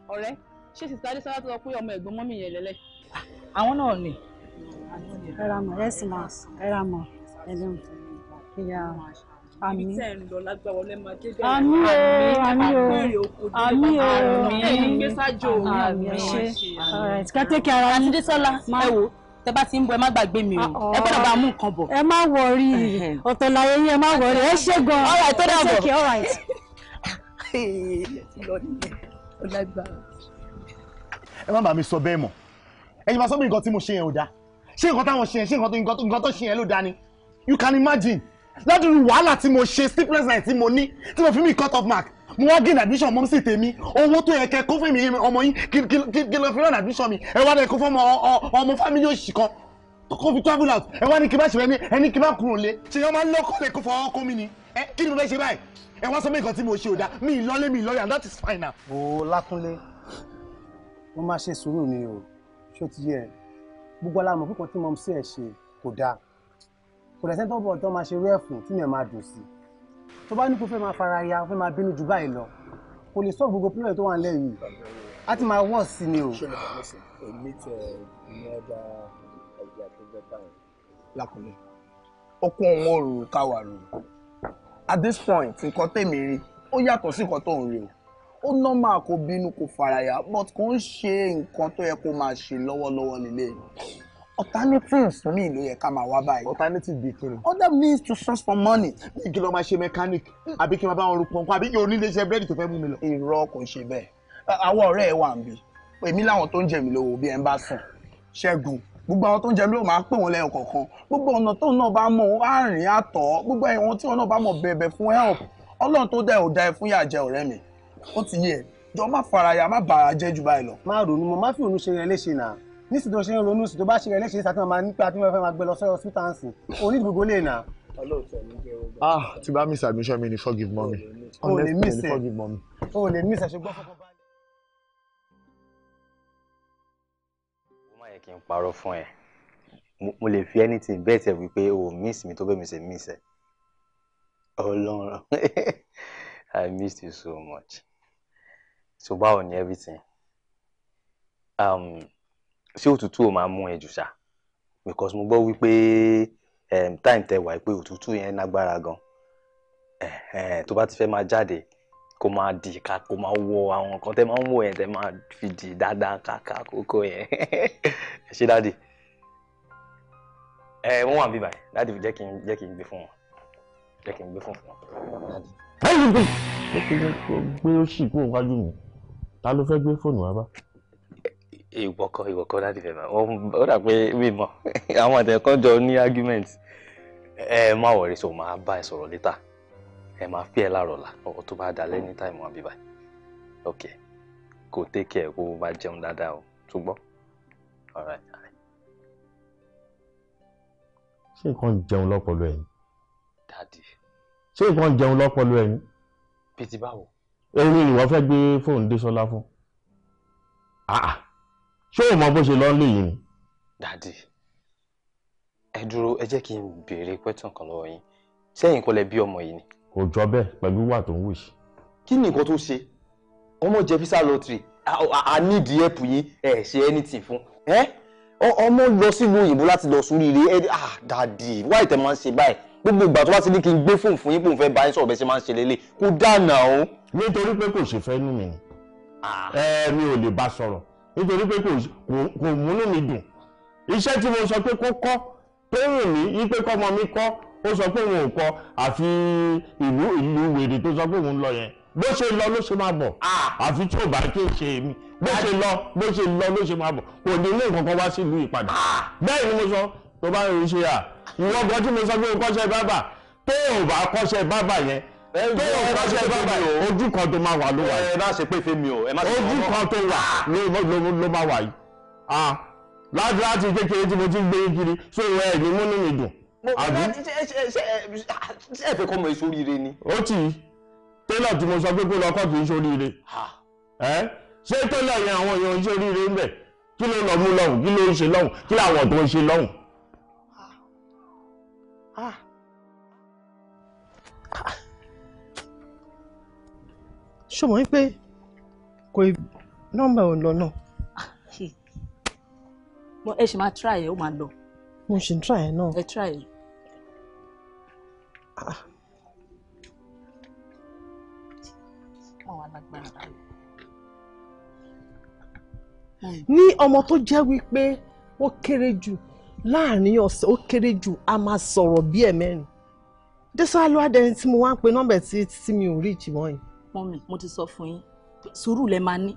ọ̀rẹ́ ṣé sista adé sábà tó sọ pé ọmọ ẹ̀gbọ́n mọ́mí yẹn lẹ́lẹ́. àwọn náà ni ẹ ra mọ̀ yẹ́sì máa ẹ ẹ̀dùn ìyá àmì. ibi tẹ́ ẹ̀ lọ lágbàá wọlé máa dé bẹ́ẹ̀ àmì o àmì o àmì o ẹ̀yin gbé sájò òun àmì ṣe kẹ́tẹ́kì ara yín. àtúndé sọ́lá ẹ wò tẹ bá ti ń bọ̀ ẹ má gbàgbé mi o ah, ẹ gbọ́dọ̀ bá mú nǹkan bọ̀. ẹ má wọrí ọ̀tọ̀ láyé yín ẹ má wọrí ẹ ṣe gan-an all right tó dàbọ̀ kẹ́tẹ́kì all right. ẹ má bàa mi sọ bẹ́ẹ̀ mọ́ ẹ̀yin máa sọ pé nǹkan tí mo ṣe yẹn ò dáa ṣé nǹkan táwọn ṣe yẹn ṣé nǹkan tó ṣe yẹn ló dání you can imagine ládùúrú wàhálà tí mo ṣe sleepless night tí mo ní tí mo fi mi cut off mark mo wá gain admission mọ́ sí tèmi owó tó yẹ kẹ kó fún mi ọmọ yín kí ló fi rán admission mi ẹ wá dẹ kó fún ọmọ family òṣì kan kó fi travel out ẹ wá ní kí bá ṣe ẹni kí bá kúrò lé ṣe yẹn máa ń lọ́kọ́ lè kó fọwọ́ kó mi ni ẹ kí ni mo fẹ́ ṣe báyìí ẹ wá sọ mí nǹkan tí mo ṣe ò dáa mi ìlọlé mi ìlọlé and that is fine now. o Lákúnlé mo máa ṣe sùúrù mi o ṣó ti yẹ gbogbo alámọ̀ kíkan tí mọ̀mùsí ẹ̀ ṣe kò dáa kò dẹ̀ sẹ́ńtọ́ bọ̀ tó máa ṣe rẹ́ ẹ̀fùn tí mi ẹ̀ máa dùn sí tó bá ní kó fẹ́ máa fara ya fẹ́ máa bínú jù báyìí lọ kò lè sọ gbogbo pílọ̀ tó wà nílẹ̀ yìí á ti máa wọ̀ sí ni o. lákùnrin okun òun ò rò káwa rò at this point nǹkan tèmi rí ó yàtọ̀ sí nǹkan tó ń rí o ó normal kò bínú kò faraya but kò ń ṣe nǹkan tó yẹ kó máa ṣe lọ́wọ́lọ́wọ́ lélẹ̀ alternatives mi ló yẹ ká máa wá báyìí. alternative bíi kí ni. other means to source for money. bí kí máa ṣe mechanic àbí kí n máa bá wọn ru pọnpọ àbí yóò nílé iṣẹ́ búrẹ́dì tó fẹ́ mú mi lọ. irọ́ kò ṣe bẹ́ẹ̀ àwọn ọ̀rẹ́ ẹ̀ wà ń bí èmi láwọn tó ń jẹ mí lówó bí ẹ ń bá sùn ṣẹ́gun gbogbo àwọn tó ń jẹ mí ló máa pè wọn lẹ́yìn kọ̀ọ̀kan gbogbo ọ̀nà tóun náà bá mọ̀ àárín àtọ̀ gbogbo ẹ̀wọ̀n tí wọn náà bá mọ̀ bẹ̀bẹ̀ fún help ọlọ́run tó dẹ̀ ò da ẹ fún yàjẹ́ ọ̀rẹ́ mi ó ti yé ẹ jọ má faraya má bàrà jẹ́ jù báyìí lọ. má ronú mo má fi òun ṣe rẹ léṣe náà nísìtò ṣe ń ronú sí bá ṣe rẹ léṣe sàtúnmọ̀ máa nípa tí wọ́n fẹ́ máa gbé lọ sọ́yọ́ sítáǹsì onídìbò lè nà. ah ti bá miss admission mi ni forgive mommy. o lè miss ẹ o lè miss ẹ ṣùgbọ́n fọkàn bá. mo máa yẹ kí n parọ́ fún ẹ mo lè fi anything bẹ́ẹ̀ tẹ̀ wípé o miss mi tó bẹ́ẹ̀ mi ṣe miss ẹ ọlọ́run I missed you so much so báwo ni everything um, ṣé òtútù ò máa mú ẹ jù ṣá because mo gbọ́ wípé um, time tẹ wà pé òtútù yẹn lágbára gan tó bá ti fẹ́ máa jáde kó máa dì ká kó máa wọ àwọn nǹkan tẹ máa ń wọ yẹn tẹ máa fi dì dáadáa kàkà kókó yẹn ẹ ṣé dáàdì ẹ wọ́n wà bíbáyìí dáàdì jẹ́ kí n jẹ́ kí n gbé fún wọn jẹ́ kí n gbé fún wọn báyìí ló ń gbé ó ṣì kúrò wájú mi ta ló fẹ́ gbé fóònù wa bá. ìwọ kọ́ ìwọ kọ́ láti fẹ́ bá ó dà pé mi mọ̀ àwọn àtẹ̀kọ́ jọ ní argument ẹ má wọ̀rí so máa bá ẹ sọ̀rọ̀ létà ẹ máa fi ẹ láàrọ̀ la ọ̀rọ̀ tó bá dalẹ̀ ní táìmù àbí báyìí ok kò tẹ́kẹ̀ kó o bá jẹun dáadáa o tó gbọ́ ọ̀rẹ́ ṣé nǹkan jẹun lọ́pọ̀lọ́ ẹ̀yìn. dadi. ṣé nǹkan jẹun lọ́pọ̀lọ́ ẹ̀yìn. bí ti báwo ẹni ìwọ fẹ́ gbé fóònù dé sọ́lá fún ah, ah. ṣé o mọ bó ṣe lọ ń lè yìí ni. dadi ẹ dúró ẹ jẹ́ kí n béèrè pẹ́tàn kan lọ́wọ́ yín sẹ́yìn kọ́ lẹ bí ọmọ yìí ni. kò jọ bẹ́ẹ̀ pẹ̀lú wà tó ń wù sí. kí ni nǹkan tó ṣe ọmọ jẹ fisa lottery a nídìí ẹ̀pù yín ẹ̀ ṣe anything fún ọmọ lọ sílùú òyìnbó láti lọ sórí ire dadi wáyé tẹ máa ń ṣe báyìí gbogbo ìgbà tó bá ti ní kí n gbé fóònù fún yín pòun fẹ́ bá yín sọ̀rọ̀ bẹ́ẹ̀ ṣe máa ń ṣe lélẹ̀ kó dànà o. nítorí pé kò ṣe fẹ́ nù mí ẹ mi ò lè bá sọ̀rọ̀ nítorí pé kò múnú mi dùn iṣẹ́ tí mo sọ pé kó kọ́ tó wù mí yí pé kọ́mọ mi kọ́ ó sọ pé òun ò kọ́ àfi ìlú ìlú wèrè tó sọ pé òun lọ yẹn bó ṣe lọ ló ṣe máa bọ̀ àfi tí ò bá kí n ṣe èmi bó ṣe lọ bó ṣe lọ ló ṣe máa bọ̀ kò ní ilé nǹkan kan wá sílùú ìpadà bẹ́ẹ̀ ni mo sọ tó bá rí ṣe à ìwọ gan tí mo sọ pé o kọ́ṣẹ́ bábà tó o bá kọ́ṣẹ́ bábà yẹn tó o kọ́ṣẹ́ bábà yẹn ojú kan tó máa wà ló wà yìí. ẹ má ṣe pé fèmi o ẹ má ṣe pé ojú kan tó wà ló máa wà yìí. láti láti kékeré tí mo ti ń gbé yín kiri so ìwọ ẹ̀ ní múnú mi dùn. àbí ṣé ẹ fẹ́ kọ́ ọmọ èso rire ni. ó tì í tẹ́lọ̀ tí mo sọ pé kó lọ kọ́ kì í ṣoríire ṣé tẹ́lọ̀ yẹn àwọn èèyàn ń ṣoríire ń bẹ̀ kí ló lọ mú lọ́hùn kí ló ń ṣe lọ́hùn kí làwọn tó ń ṣe lọ́hùn ah ah ṣó mọ̀ wípé kò nọ́mbà ò lọ náà. mo ẹ ṣì máa try ẹ ó máa lọ. mo ṣì ń try ẹ náà. ẹ try ẹ. Ah. ní ọmọ tó jẹ́ wípé ó kéré jù láàrin ọ̀sẹ̀ ó kéré jù a máa sọ̀rọ̀ bí ẹ̀ mẹ́rin désọ́lá ló wá dẹni tí mo wá ń pe nọ́mbà tí tí mi ò rí ìjìmọ́ yìí. mọ́mì mo ti sọ fún yín sùúrù lẹ máa ní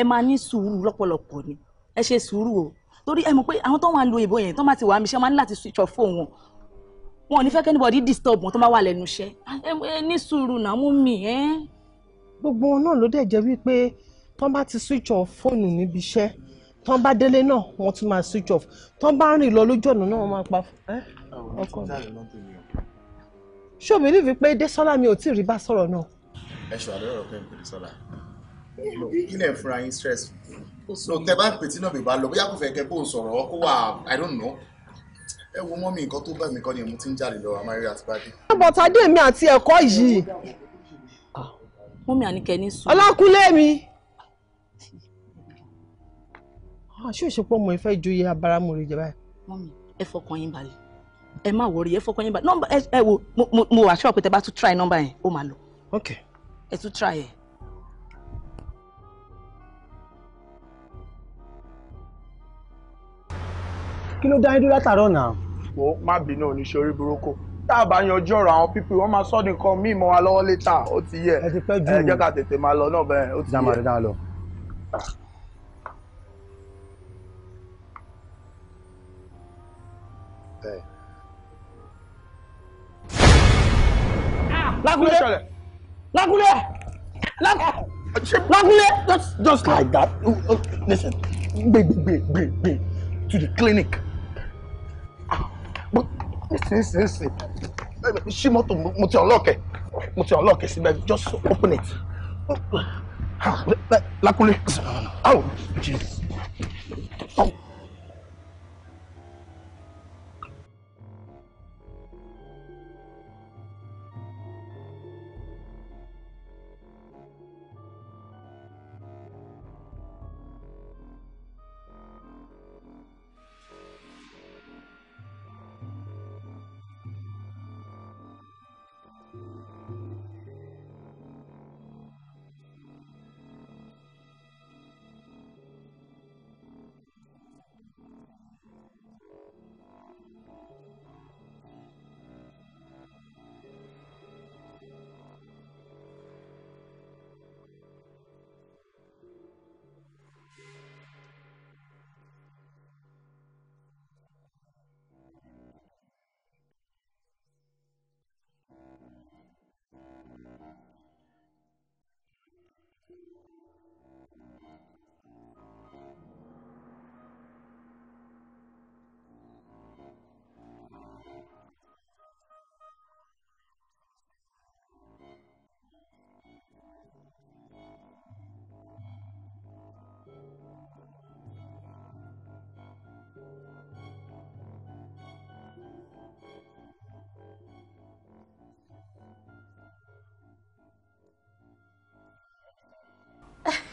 ẹ máa ní sùúrù lọ́pọ̀lọpọ̀ ni ẹ ṣe sùúrù o torí ẹ mọ̀ pé àwọn tó wà ń lo ìbò yẹn tó máa ti wà mí ṣe máa ní láti switch off fóun wọn wọn ò ní fẹ́ kí anybody disturb wọn tó bá wà lẹ́nu iṣẹ́ ẹ ní sùúrù náà mú mi ẹ́. gbogbo wọn náà ló dẹ̀ jẹ́ wípé tó bá ti switch off fóònù níbi iṣẹ́ tán bá délé náà wọ́n tún máa switch off tán bá rìn lọ lójú ọ̀nà náà wọ́n máa pa ọkọ mi. ṣé o pé Désọ́lá mi ò tí ì rí bá sọ̀rọ̀ náà. ẹ ṣọ àlọ́ ọ̀rọ̀ pé n kí lè fura yín stress so tẹ bá pè tí náà mi bá lọ bóyá kò fẹ́ kẹ́ bó sọ̀rọ̀ ọ kó wà I don't know ẹ wo mọ́mí nǹkan tó bá mi kọ́ ni mo ti ń jáde lọ amáyé àti báyìí. bọ̀tà dé mi àti ẹ̀kọ́ yìí. Ah, mọ́mí àníkẹ́ ní sùn. Ọlákúnlé mi. Ah, ṣé o ṣe pọ́ ọmọ ẹ fẹ́ joyè abáramú rẹ jẹ báyìí. mọ́mí ẹ fọkàn yín balẹ̀ ẹ má wọrí ẹ fọkàn yín balẹ̀ nọ́mbà ẹ wo mo wà ṣọ́ọ̀pù tẹ bá tún try nọ́mbà yẹn ó máa lọ. ok ẹ tún try ẹ. kí ló dá yín dúró látàárọ̀ náà. wo má bínú oníṣòrí burúkú tá a bá yanjú ọ̀rọ̀ àwọn pípì wọ́n máa sọ́ nìkan míì mọ́ wa lọ́wọ́ létà ó ti yẹ ẹ jẹ́ ká tètè máa lọ náà bẹ́ẹ̀ ó ti yẹ. Lagule, lagule, lagule. just just like that oh, listen gbe gbe gbe gbe to the clinic ah, But listen, listen, eh, ṣí mọ́tò mo ti ọlọ́ọ̀kẹ́ mo ti ọlọ́ọ̀kẹ́ it. just open it ah, Lagule. Oh, Jesus. Oh.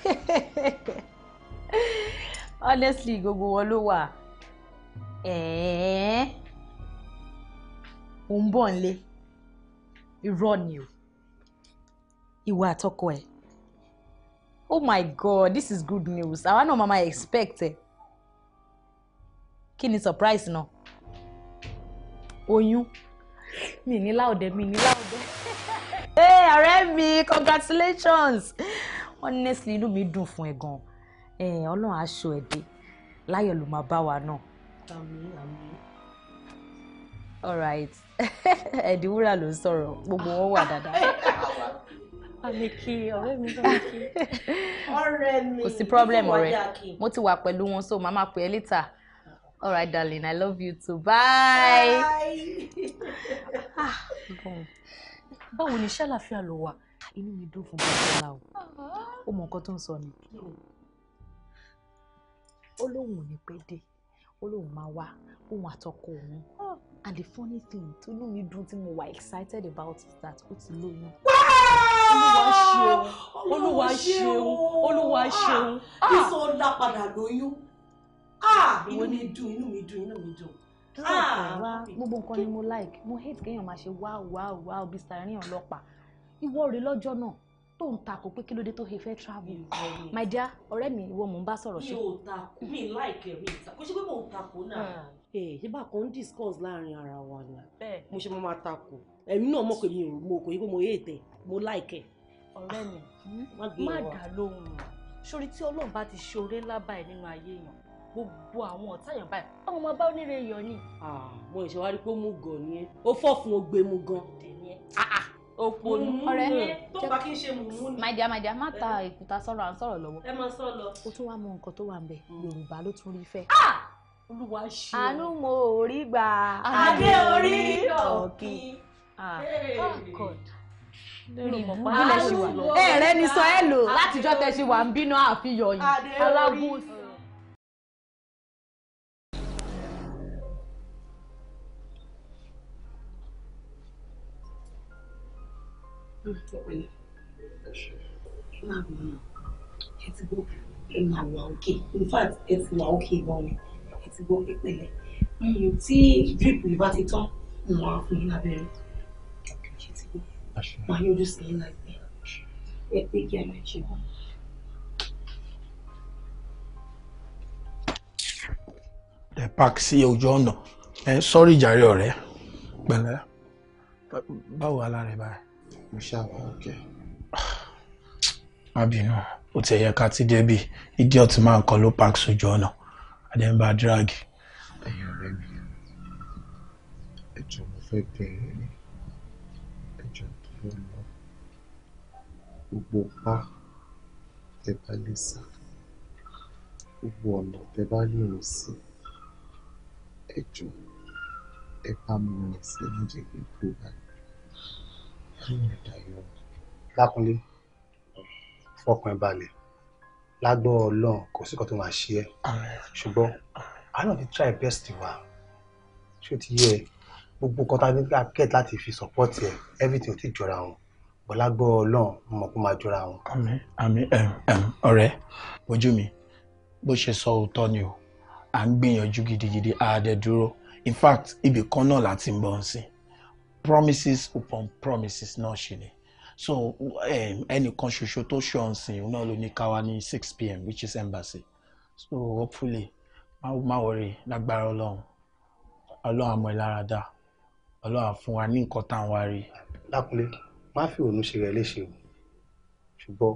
honestly gbogbo wọn ló wà ò ń bọ̀ nílé irọ́ ni o ìwà àtọkọ ẹ̀ oh my god this is good news àwa náà mama expect ẹ kí ni surprise náà oyún mi ní láòdẹ mi ní láòdẹ. hey ọ̀rẹ́ mi congratulations honestly inú mi dùn fún ẹ gan ọlọ́run aṣọ ẹ̀ dé láyọ̀ ló máa bá wa náà. alright ẹ̀dínwúrà ló ń sọ̀rọ̀ gbogbo wọn wà dáadáa. àmì kí ọ̀rẹ́ mi bá mi kí. ọ̀rẹ́ kò sí problem ọ̀rẹ́ mo ti wà pẹ̀lú wọn so màmá pè é lítà. All right, darling. I love you too. Bye. Bye. Ah, Báwo ni iṣẹ́ àlàáfíà ló wà? inú mi dùn fún Bọ́lá o ó mọ nǹkan tó ń sọ ni ó lóun ò ní pẹ́ dé ó lóun máa wá òun àtọkọ òun and the funny thing tó inú mi dùn tí mo wà excited about is that ó ti lóyún olúwa ṣeun olúwa ṣeun olúwa ah! ṣeun sísọ ah! ọlá padà lóyún ah! inú mi dùn inú mi dùn inú mi dùn gbogbo nǹkan ni mo like mo hate kéèyàn máa ṣe wáá wáá wáá bí sàríyàn lọ́pàá ìwọ rèé lọ́jọ́ náà tó ń takò pé kí ló dé tó he fẹ́ travel my dear ọ̀rẹ́ mi ìwọ mò ń bá sọ̀rọ̀ ṣe. mi ò takò mi láìkẹ́ mi ìtakò ṣé pé mò ń takò náà. Hmm. ee eh, ṣé bá a kàn ń discuss láàrin ara wa ni mo ṣe mo máa takò ẹ̀mí náà mọ̀ pé mi ò mọ̀ kò yí pé mo yéè tẹ̀ mo láìkẹ́. ọ̀rẹ́ mi hmm? má dà lóhùn sórí tí Ọlọ́run bá ti ṣoore ńlá báyìí nínú ayé èèyàn gbogbo àwọn ọ̀tá èèyàn báyìí ọmọ ọmọ bá onírè yọ ni. Ah, mo ìṣèwárí pé ó mú gan ni ó fọ́ fún ogbe mu gan òpònú ọ̀rẹ́ tó bá kí n ṣe mùmú ni. màìdíà màìdíà má ta èkúta sọ̀rọ̀ à ń sọ̀rọ̀ lọ́wọ́. ẹ máa sọ lọ. o tún wá mọ nǹkan tó wà ń bẹ mm. yorùbá ló tún rí fẹ́. Ah! olúwa ṣe o. àánú mo ò rí gbà. adé orí ọ̀kì. Ah, oh ẹ rẹ ni sọ ẹ lò látijọ́ tẹ ṣe wà ń bínú àfihàn yìí alágùn pẹ̀lẹ́ máa bọ̀ náà ẹ ti in fact ẹ ti wà òkè gan ni ẹ ti drip yìí bá ti tán mo máa fún yín lábẹ́rẹ́ ṣe ti gbọ́ máa yọjú sí yín láìpẹ́ ẹ pé kí ẹ máa ṣe wọ́n. ẹ park sí ojú ọ̀nà ẹ sọ́rí ìjàre ọ̀rẹ́ pẹ̀lẹ́ báwo alára ẹ báyìí mo ṣàwà òkè. má bínú ó ti ẹ̀yẹ ká ti débi idiot máa ń kọ́ ló park sójú ọ̀nà adẹ́nbà drag. ẹ̀yin ọ̀rẹ́ mi ẹ̀jọ̀ mo fẹ́ bẹ̀rẹ̀ ni ẹ̀jọ̀ tó fẹ́ lọ gbogbo pa tẹ bá lè sá gbogbo ọ̀nà tẹ bá lè rìn sí ẹ̀jọ̀ ẹ bá mi rìn sí ẹ̀jẹ̀ kí n lákúnlé fọkàn ẹ balẹ̀ lágbọ́ ọlọ́run kò sí kan tó máa ṣe ẹ́ ṣùgbọ́n àánú ti try best wa ṣé o ti yẹ gbogbo kan tá a ní ká láti fi support ẹ everything ò ti jọra wọn bọ́lá gbọ́ ọlọ́run mọ̀ kó máa jọra wọn. àmín àmín ọ̀rẹ́ ojú mi bó ṣe sọ òótọ́ ni o à ń gbìyànjú gidigidi àádẹ́ in fact ibì kan náà láti ń bọ̀ ń sìn promises upon promises náà ṣe ni so um, ẹnìkan ṣoṣo tó ṣe ọ̀hún sìn òun náà ló ní káwa ní six pm which is embassy so hopefully má wọrí lágbára ọlọ́run ọlọ́run àmọ́ ìláradá ọlọ́run àfún wa ní nǹkan tá à ń wá rí. má fi òun ṣe rẹ léṣe o ṣùgbọ́n.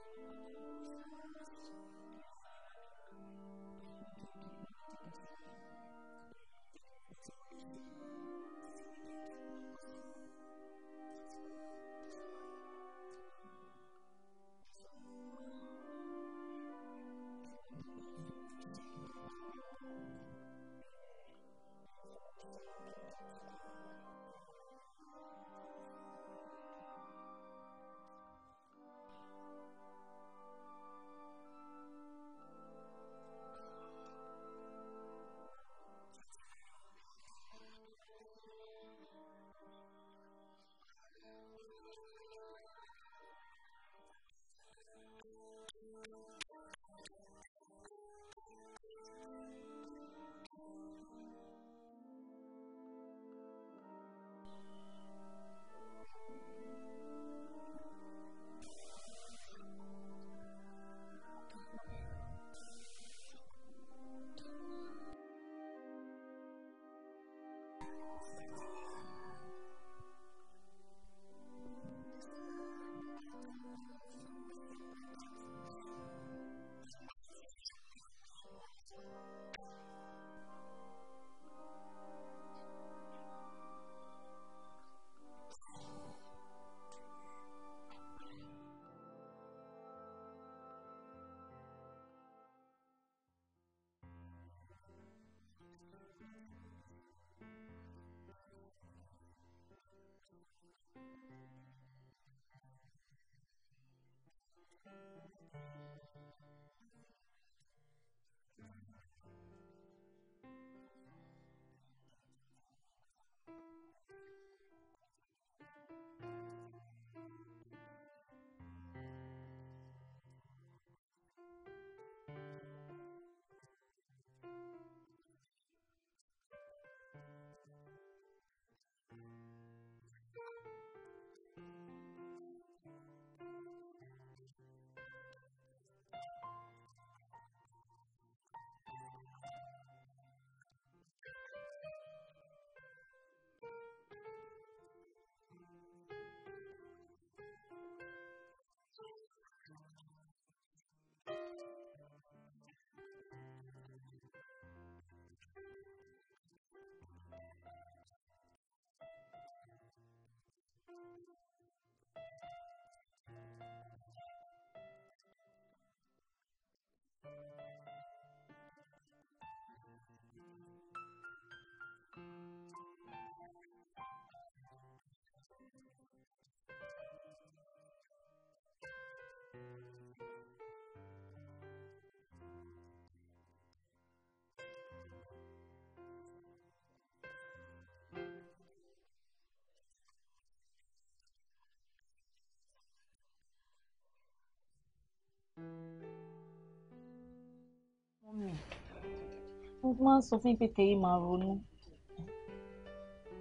mo máa ń sọ fún pé kẹ́yìn máa ronú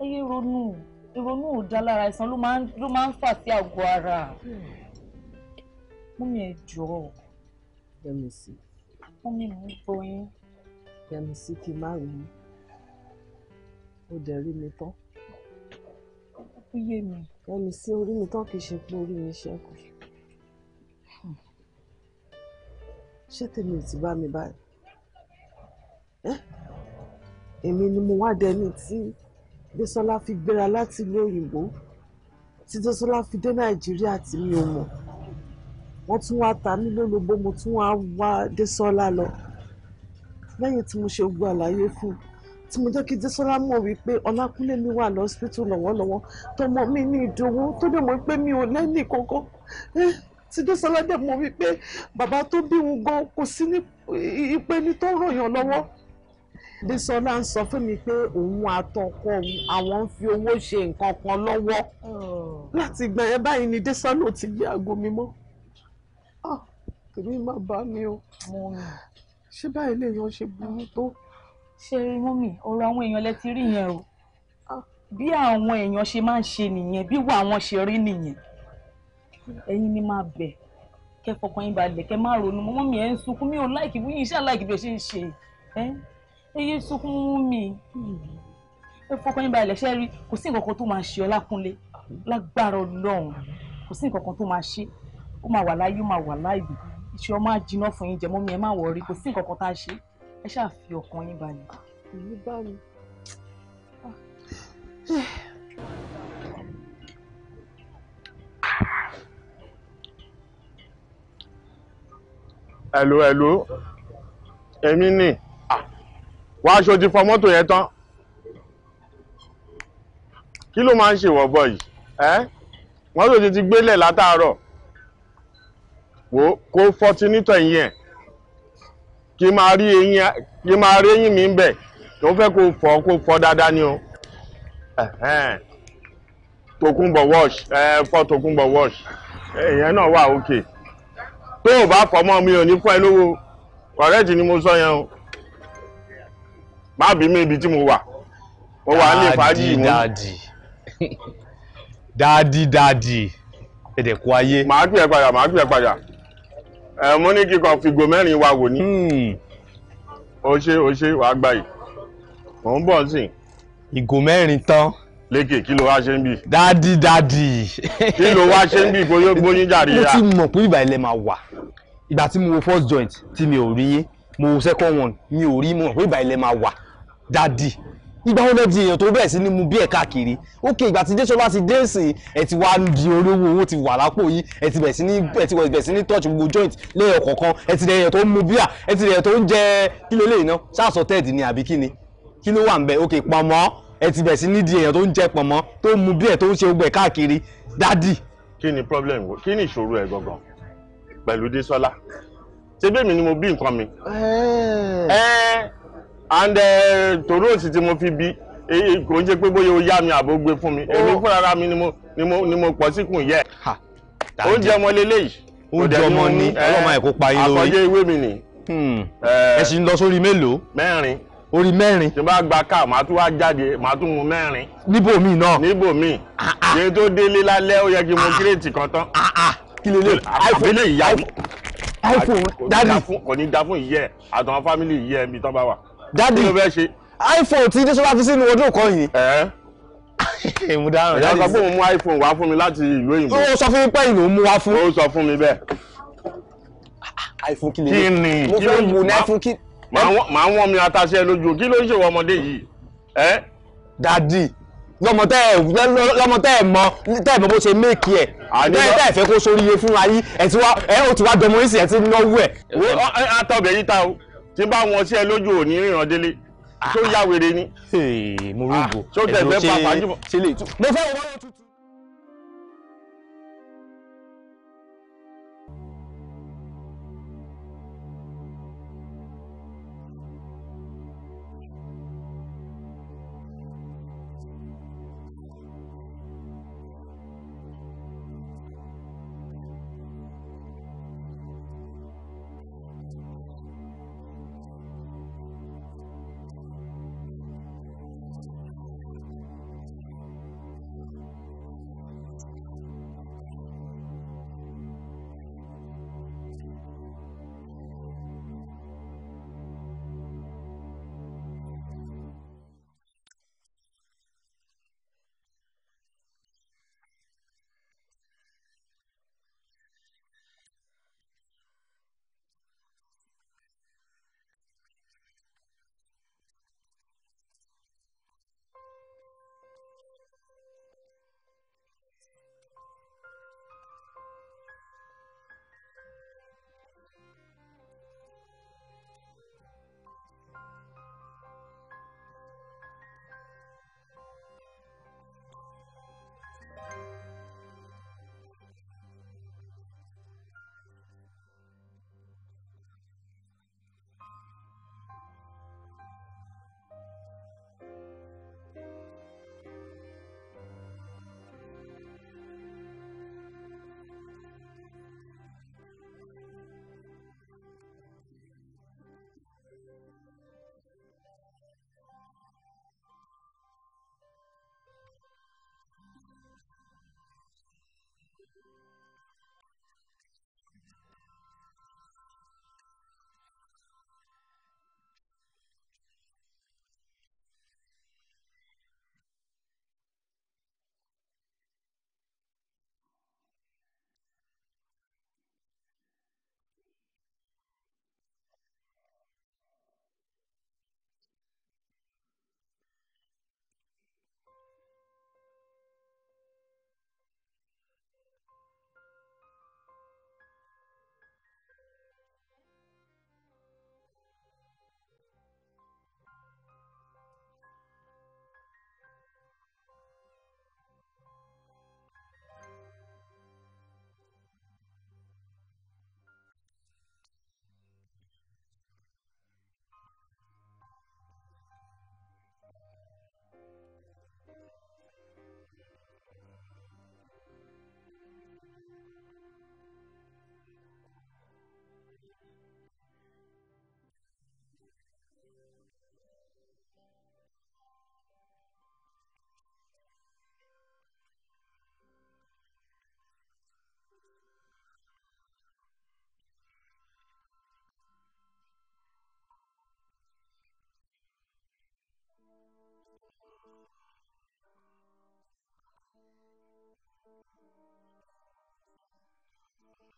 ẹ yé ronú ìrònú ò dá lára ìsan ló máa ń fà sí àgọ́ ara mú mi ẹ jọ̀ọ́. yẹmi sí. mú mi mú bọyín. yẹmi sí kí n má ronú ó dẹ̀ rí mi tán. ó yé mi. yẹmi sí orí mi tán kì í ṣe pé orí mi ṣẹ́kù. Hmm. ṣé tèmi ò ti bá mi báyìí èmi ni mo wá dẹni tí Désọlá fi gbéra láti ilé òyìnbó tí Désọlá fi dé Nàìjíríà tí mi ò mọ̀ wọ́n tún wá ta mí lólobó mo tún wá wá Désọlá lọ lẹ́yìn tí mo ṣe gbọ́ àlàyé fún tí mo jẹ́ kí Désọlá mọ̀ wípé Ọlákúnlé mi wà lọ́sípítù lọ́wọ́lọ́wọ́ tọmọ mi ní ìdòwò tó dẹ̀ mọ̀ pé mi ò lẹ́nì kankan tí Désọlá dẹ̀ mọ̀ wípé bàbá tó bí wọn gan kò sí ní ìpeni tó ràn yàn lọ́wọ́. Bísọ́lá ń sọ fún mi pé òun àtọkọ àwọn ń fi owó ṣe nǹkan kan lọ́wọ́ oh. láti ìgbà yẹn báyìí ni Désọ́lá ò ti gbé aago mi mọ́ ah, tèmi má bá mi o ṣé báyìí lèèyàn ṣe burú tó. ṣe mọ́mì ọ̀rọ̀ àwọn èèyàn lẹ ti rí yẹn o ah. bí àwọn èèyàn ṣe máa ń ṣe nìyẹn bí wà wọn ṣe rí nìyẹn ẹ̀yin ni máa bẹ̀ kẹ́ fọkàn yín balẹ̀ kẹ́ má ronú mọ́mì ẹ̀ ń sunkún mi ò láìkí bí yín ṣáà láìkí bí ẹ ṣe ń ṣe ẹ́ eye sunkún mi ẹ fọkàn yín balẹ̀ ṣe rí kò sí nǹkan kan tó máa ṣe Ọlákúnlé lágbára Ọlọ́run kò sí nǹkan kan tó máa ṣe ó máa wà láyé ó máa wà láàyè ìṣe ọmọ àjìnà fún yín jẹmọ́ mi ẹ má wọrí kò sí nǹkan kan tá a ṣe ẹ ṣáà ọkàn yín balẹ̀. èyí bá mi. hello hello èmi ni wàá aṣọ ti fọ mọ́tò yẹn tán kí ló máa ń ṣèwọ̀ bọ̀ yìí ẹ́ mọ́tò ti ti gbélẹ̀ látàárọ̀ wò kó fọ́tí nítọ̀ ẹ̀yìn ẹ̀ kí máa rí eyín kí máa rí eyín mi ń bẹ̀ tó fẹ́ kó fọ́ kó fọ́ dáadáa ni o Tòkunbọ̀ wash fọ́ Tòkunbọ̀ wash ìyẹn náà wà òkè tó o bá fọ́ mọ́ mi ò ní fọ́ ẹ lówó kọ̀rẹ́ẹ̀tì ni mo sọ yẹn o má bí mi ibi tí mo wà mo wà ní ìfàájì yìí. dáàdì dáàdì dáàdì ẹ̀dẹ̀ kú ayé. màá gbé ẹ padà màá gbé ẹ padà ẹ mo ní kíkan fìgò mẹ́rin wa wò ní. Hmm. o ṣe o ṣe wàá gbà yìí mò ń bọ̀ sí. ìgò mẹ́rin tán. lékè kí ló wá ṣe ń bì. dáàdì dáàdì. kí ló wá ṣe ń bì gbóyún jàre ya. mo ti mọ̀ pé ìgbà ilẹ̀ máa wà ìgbà tí mo wo first joint tí mi ò rí yé mo wo second one mi ò rí mo mọ̀ pé ìgbà ilẹ̀ máa wà dàdì ìgbà wọn lẹ́bi èèyàn tó bẹ̀rẹ̀ sí ní mu bí ẹ̀ káàkiri ókè ìgbà tí jésù bá ti dé sìn ẹ̀ ti wá di olówó owó ti wà lápò yìí ẹ̀ ti bẹ̀rẹ̀ sí ní ẹ̀ ti bẹ̀rẹ̀ sí ní touch gbogbo joint lẹ́yọ̀ kọ̀ọ̀kan ẹ̀ ti dẹ̀yẹ̀ tó ń mu bíà ẹ̀ ti dẹ̀yẹ̀ tó ń jẹ kí ló léyìn náà ṣáàsọ tẹ́ẹ̀dì ni àbí kí ni kí ló wà ń bẹ ókè pọ̀mọ́ ẹ̀ ti bẹ̀rẹ̀ sí ní di èèyàn tó ń jẹ pọ̀mọ́ tó ń mu bíà tó ń ṣe gbogbo ẹ̀ káàkiri dádì. kí problem kí ni ìṣòro ẹ Gogo? pẹ̀lú dísọ́lá ṣé bẹ́ẹ̀ mi ni mo bí nǹkan mi. ẹ̀ẹ́ and eh, tòró òsì tí mo fi bí e, e, kò ń jẹ́ pé bóyá o yá mi àbò gbé fún mi èmi oh. fúnra ra mi ni mo pọ̀ síkùn yẹ oúnjẹ ọmọ lélẹ́yìí oúnjẹ ọmọ ní eh, ọlọ́mọ ẹ̀kọ́ pa yín lórí àkọyé ìwé mi nì. Hmm. Eh, ẹ sì ń lọ sórí mélòó. mẹ́rin orí mẹ́rin. tí n bá gba ká màá tún wá jáde màá tún mu mẹ́rin. níbò míì náà. níbò míì. Ah, ah. yẹn tó délé lálẹ́ ó yẹ kí n kírètì ah. kan tán. kí lè lè àbílẹ̀ ìyá mi tán bá dádì iphone ti Désọ́lá ti sínú ọdún kan yìí. mo dáhùn dádì sí. ìyá sọ pé òun mú iphone wá fún mi láti ìlú òyìnbó. ó sọ fún mi pé ìlú mú wá fún. ó sọ fún mi bẹ́ẹ̀. iphone kí ni mo fẹ́ wù ní iphone kí. màá wọ́n mi ataṣẹ́ lójú kí ló ń ṣèwọ ọmọdé yìí. dádì lọmọ tẹ ẹ lọmọ tẹ ẹ mọ tẹ ẹ mọ bó ṣe méèkì ẹ bẹ́ẹ̀ tẹ ẹ fẹ́ kó sóríye fún ayé ẹ ti wá ẹ ó ti wá dọmọ yín sí ẹ ti náwó ẹ. atọ́bẹ̀ yìí ta o tí bá wọn sí ẹ lójú òní ríran délé tó yá wèrè ni. mo rúgbò ẹ̀ ló ṣe ṣe lè tú. mo fẹ́ wọ́n oh tutù.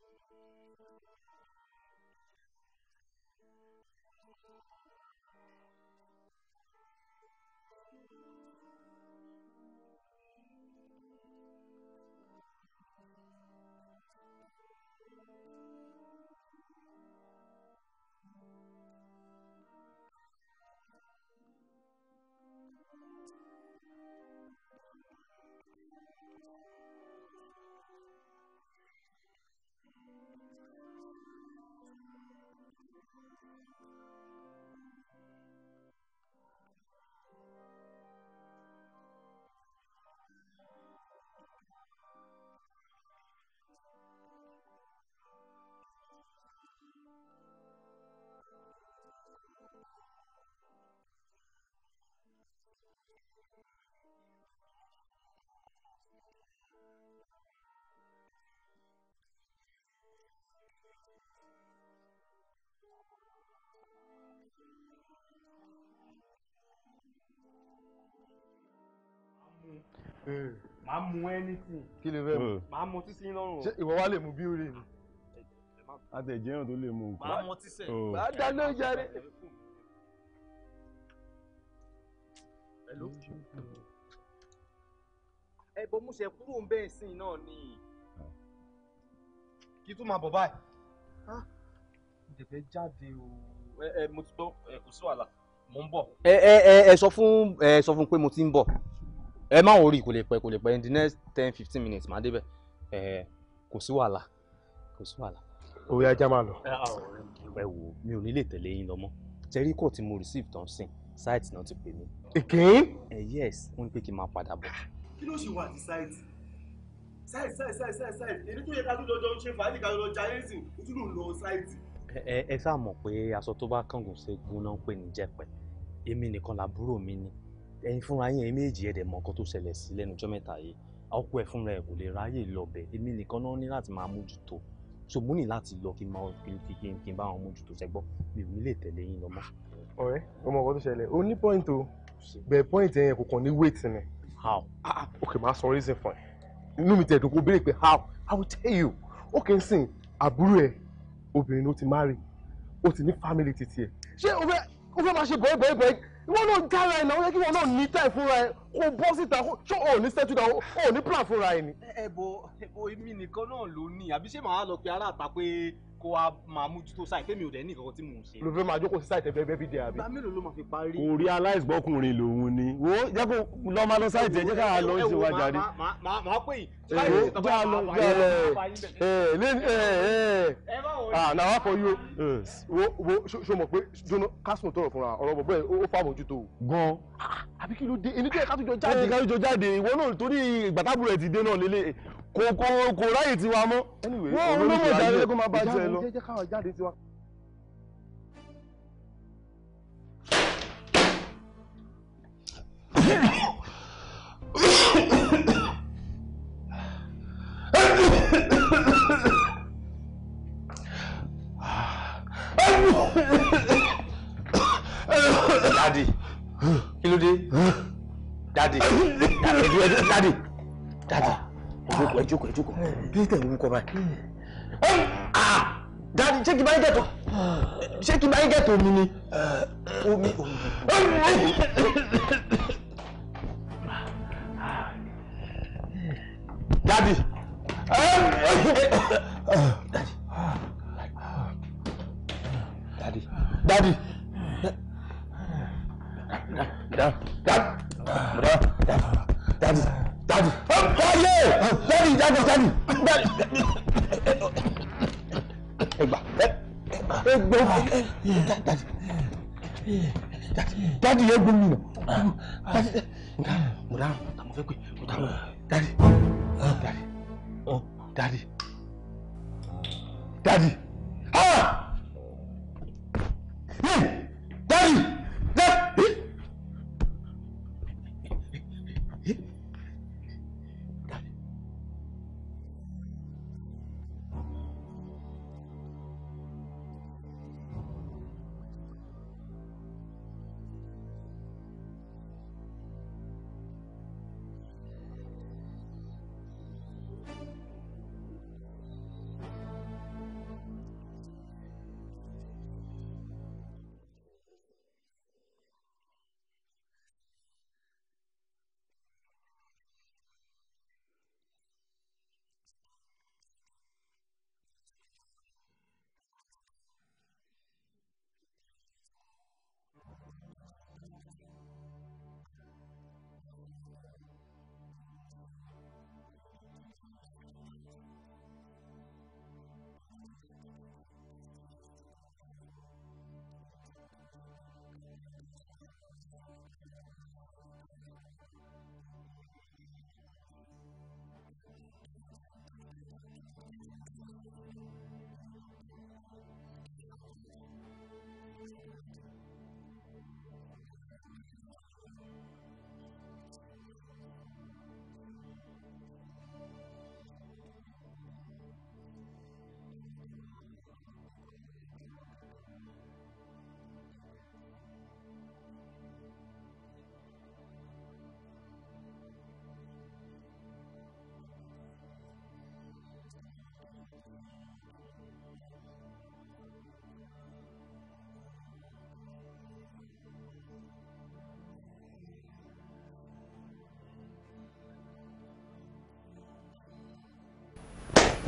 Thank you. Hmm. máa mu anything. kí ló fẹ́ mu. Hmm. máa mu títí lọ́rùn. ṣé ìwọ wa lè mu bíúrì ni. àtẹ̀jẹ́yàn tó lè mu nǹkan. máa mu tíṣẹ̀. Hmm. máa dáná jàre. ẹ bọ́ múṣẹ kúrò ń bẹ́ẹ̀ sìn náà ni kí tún máa bọ̀ báyìí. mo tẹ̀fẹ́ jáde o ẹ mo ti gbọ́ kò sí wàhálà mo ń bọ̀. ẹ ẹ ẹ sọ fún ẹ sọ fún pé mo ti ń bọ̀ ẹ má wọrí kò lè pẹ́ kò lè pẹ́ in the next ten fifteen minutes màá débẹ̀ ẹ kò sí wàhálà kò sí wàhálà. orí ajá máa lọ. ẹ wò mi ò ní lè tẹ̀lé yín lọ mọ́ tẹ́rí kò tí mo receive tán sìn sáìtì náà ti pè mí. ìkín. ẹ yes wọ́n ní pé kí n máa padà bọ̀. kí ló ṣe wà ní sáìtì sáìtì sáìtì sáìtì sáìtì èyí tó yẹ ká tó lọ jọ ń ṣe fàájì ká lọ jayé sìn ó tún lò lọ sáìtì. ẹ ẹ sáà mọ̀ pé aṣọ tó bá kángun ṣe gún náà ń pè ní jẹ́pẹ̀ èmi nìkan làbúrò mi ni ẹ̀yin fúnra yín ẹ̀yin méjì ẹ̀dẹ̀ mọ nǹkan tó ṣẹlẹ̀ sí lẹ́nu ọjọ́ mẹ́ta yìí ọkọ ẹ̀ fúnra ẹ̀ kò lè ráyè lọ́bẹ̀ èmi nìkan náà ní láti máa mójútó ṣùgbọ́n ní láti lọ kí n bá wọn mójútó ṣẹgbọ́ mi ò ní lè tẹ̀lé yín lọ mọ́. ọ̀rẹ́ o mọ nǹkan tó ṣẹlẹ̀ o ní point o bẹ́ẹ̀ point yẹn kò kàn ní wait ni. how ah, ah ok máa sọ reason fún ẹ inú mi tẹ̀dùn kó béèrè pé how i will tell you ok nsìn àbúrò ẹ obìnrin ló ti marry ó ti ní family titi ẹ ṣé o fẹ́ o fẹ́ máa ṣe bọ́ẹ̀ bọ́ẹ̀ bọ́ẹ̀ ìwọ náà dára ẹ̀ náà ó yẹ kí ìwọ náà ní tẹ̀ fúnra ẹ̀ kó bọ́ síta ṣó ò ní sẹ́tù dà ó ní plan fúnra ẹ̀ ni. ẹ bọ ẹ bọ èmi nìkan náà ló ní àbí ṣé màá lọ pe aláàtà pé kó wa máa mójútó sáì fẹ́mi ò dẹ̀ ní kankan tí mò ń ṣe. lóòótọ́ máa jókòó sí sáì tẹ́fẹ́ bẹ́ẹ̀ bí dé àbí. bámi ló máa fi parí. kò rí aláìsbọ́kùnrin lòun ni wo jẹ́ lọ́ máa lọ sáì tẹ̀ jẹ́ ah na wá for you eh. wo wo ṣo mọ̀ pé jóná kásùn tọrọ fúnra ọ̀rọ̀ bọ̀bọ̀ ẹ̀ ó fà mójútó. gan ah, àbí kí ló dé èmi tó tó jọ jáde. ká tó jọ jáde ìwọ náà torí ìgbàtàbù rẹ ti dé náà lélẹ̀ kò kò kò ráyè tiwa mọ́. wọ́n ló mọ̀ jáde kó máa bá jẹ lọ. ìjà káwọn jáde tiwa. ló dé dáàdì dáàdì dáàdì ẹjọkọ ẹjọkọ ẹjọkọ bí tẹ̀ ń wúkọ báyìí. Ah, dáàdì ṣé kí bá yín gẹ̀tọ̀ ṣé kí bá yín gẹ̀tọ̀ omi ni omi omi. dáàdì. dadi yẹ gbomi na. mo dáhùn mo fẹ́ pé mo dáhùn dadi dadi dadi.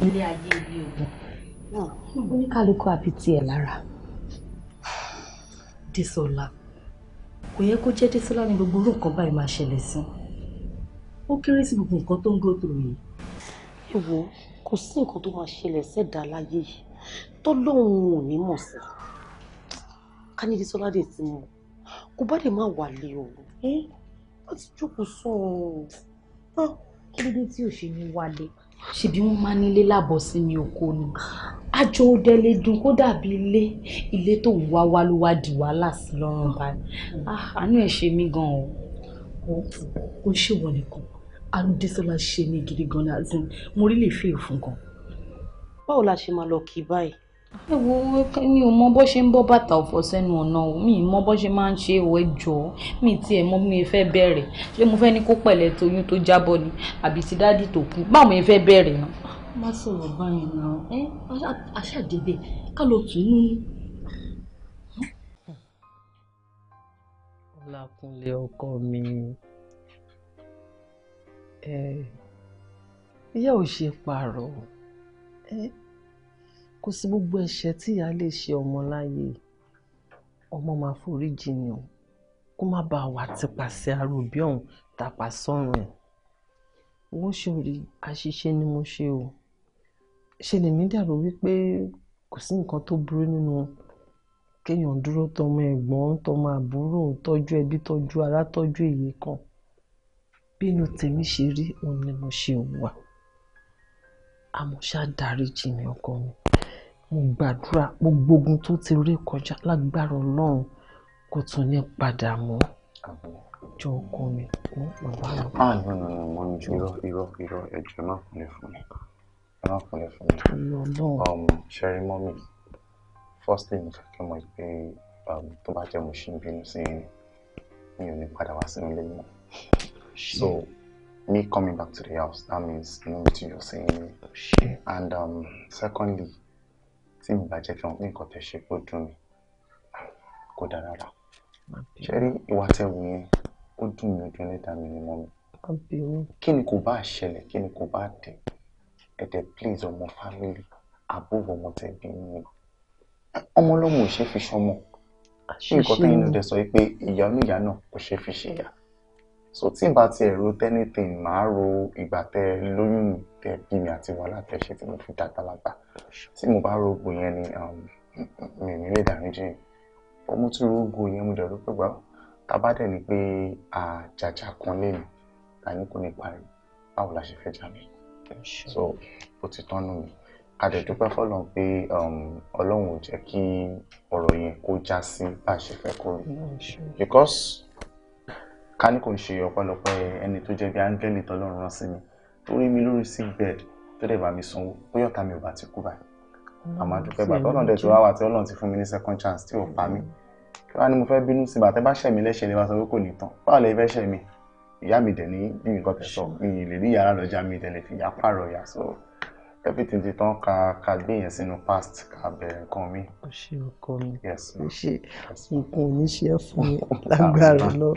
ilé ayé ibi ògùn ṣùgbọ́n ní kálukú àbí tiẹ̀ lára. Dísọ́lá kò yẹ kó jẹ́ Dísọ́lá ní gbogbo orú nǹkan báyìí máa ṣẹlẹ̀ sí ó kéré sí gbogbo nǹkan tó ń gbó tó yìí. ẹ wo kò sí nǹkan tó máa ṣẹlẹ̀ sẹ́dá láyé yìí tó lóun ò ní mọ̀ sí ká ní Dísọ́lá dè ti mọ̀ kò bá dè má wà lé o láti jókòó sùn ọ́ kí ló dé tí ò ṣe ní wálé ṣebí wọ́n máa nílé láàbọ̀ sí mi oko ni àjọ òde lè dùn kó dàbí ilé ilé tó ń wá wá ló wá di wàhálà sí lọ́rùn báyìí ah, àánú ẹ̀ ṣe mí gan o. ó ń ṣèwọ nìkan alùdésọ́lá ṣe mí gidi gan ni mo rí lè fi èèfún gan. báwo la ṣe máa lọ kí báyìí ẹ wo mi ò mọ bó ṣe ń bọ́ bàtà ọ̀fọ̀ sẹ́nu ọ̀nà o mi ì mọ bó ṣe máa ń ṣe ìwọ ẹjọ́ mi tiẹ̀ mọ bí mi fẹ́ bẹ̀rẹ̀ ṣé mo fẹ́ ní kó pẹ̀lẹ́ toyún tó jábọ́ ni àbí ti dádì tó kú báwo mi fẹ́ bẹ̀rẹ̀ náà. má sọ̀rọ̀ báyìí náà ẹ aṣáàdébẹ̀ ká ló tún ní. ọlákúnlé ọkọ mi ìyá ò ṣe pààrọ̀ ẹ kò sí gbogbo ẹ̀ṣẹ̀ tí ìyá lè ṣe ọmọ láyé ọmọ máa forí jìnnì o kó má bàa wà tipasẹ̀ aró bí ọ̀hún tàpá sọ́run ẹ̀ wọ́n ṣòrí àṣìṣe ni mo ṣe o ṣe lèmi dàrú wípé kò sí nǹkan tó burú nínú kéèyàn dúró tọmọ ẹ̀gbọ́n tọmọ àbúrò tọ́jú ẹbí tọ́jú ará tọ́jú èyí kan bí inú tèmi ṣe rí òun ni mo ṣe wà àmọ́ ṣá dáríjì mi ọkọ mi mo gbàdúrà gbogbo ogun tó ti rí kọjá lágbára ọlọ́run kò tún ní padà mọ́ jọ ọkọ mi mọ bàbá mi. a ah, ní ọ̀nà ọ̀nà mọ́ ní irọ́ irọ́ irọ́ ẹ̀jẹ̀ náà kò lè fún mi ẹ̀ náà kò fún mi. àlọ́ ọlọ́run. ṣẹ́rí mọ́ mi first thing kí n mọ̀ pé um, tó bá jẹ́ mo ṣì ń bínú sí mi ò ní padà wá sínú ilé mọ́. so me coming back to the house that means no to your saying me. and um, secondly tí mi bá jẹ́ kí wọ́n pé nǹkan tẹ̀ ṣe kó dùn mí kó dára rà ṣe rí ìwà tẹ̀wù yẹn ó dùn mí ojú ẹlẹ́dà mi ni mọ́ mi kí ni kò bá ṣẹlẹ̀ kí ni kò bá tẹ̀ ẹ̀dẹ̀ please ọmọ family above ọmọ tẹ̀bí mi ọmọ ọlọ́mọ ò ṣe fi ṣọmọ nǹkan tẹ́yìn ló dẹ̀ sọ pé ìyá oníyàá náà kò ṣe fi ṣe yà so tí n bá tiẹ̀ ro tẹ́nítìn màá ro ìgbà tẹ́ lóyún mi tí ẹbí mi àti wọn látẹ̀ṣe tí mo fi dàgbà lágbà tí mo bá rògbò yẹn ni um, mi ò ní lè dáríjì ọmọ tí rògbò yẹn mo dẹ̀ ló pé gbà tábà dẹ̀ ni pé àjàjà kan lè mi àní kò ní parí báwo la ṣe fẹ́ jà mí so ó ti tọ́nu mi a dẹ̀ dúpẹ́ fọlọ́n pé um, ọlọ́run ò jẹ́ kí ọ̀rọ̀ yẹn kó já sí bá a ṣe fẹ́ kó rí mm, because ká ní kò ń ṣe ọ̀pọ̀lọpọ̀ ẹni tó jẹ́ bí áńgẹ́lì tọ́lọ́run rán sí mi tó rí mi lórí sick bed tó dẹ̀ bá mi sanwó bóyá ọ̀tá mi ò bá ti kú báyìí àmọ́ àdúpẹ́ bàtà ọlọ́run dẹ̀ tó wá wà tí ọlọ́run ti fún mi ní second chance tí ò pa mí kí wàá ní mo fẹ́ bínú sí bàtà bá ṣẹ̀mí lẹ́ṣẹ̀ lè wá sọ pé kò ní tán báwo lè fẹ́ ṣẹ̀mí ìyá mi dẹ̀ ní bí nǹkan tẹ̀ sọ mi lè rí yàrá lọ́jà mi dẹ̀ lè fi yà pààrọ̀ yà so everything ti tán ka ka gbé yẹn sínú past ka bẹ̀rẹ̀ nǹkan mi. o ṣe ọkọ mi o ṣe nǹkan ò ní ṣe é fún mi lágbára náà.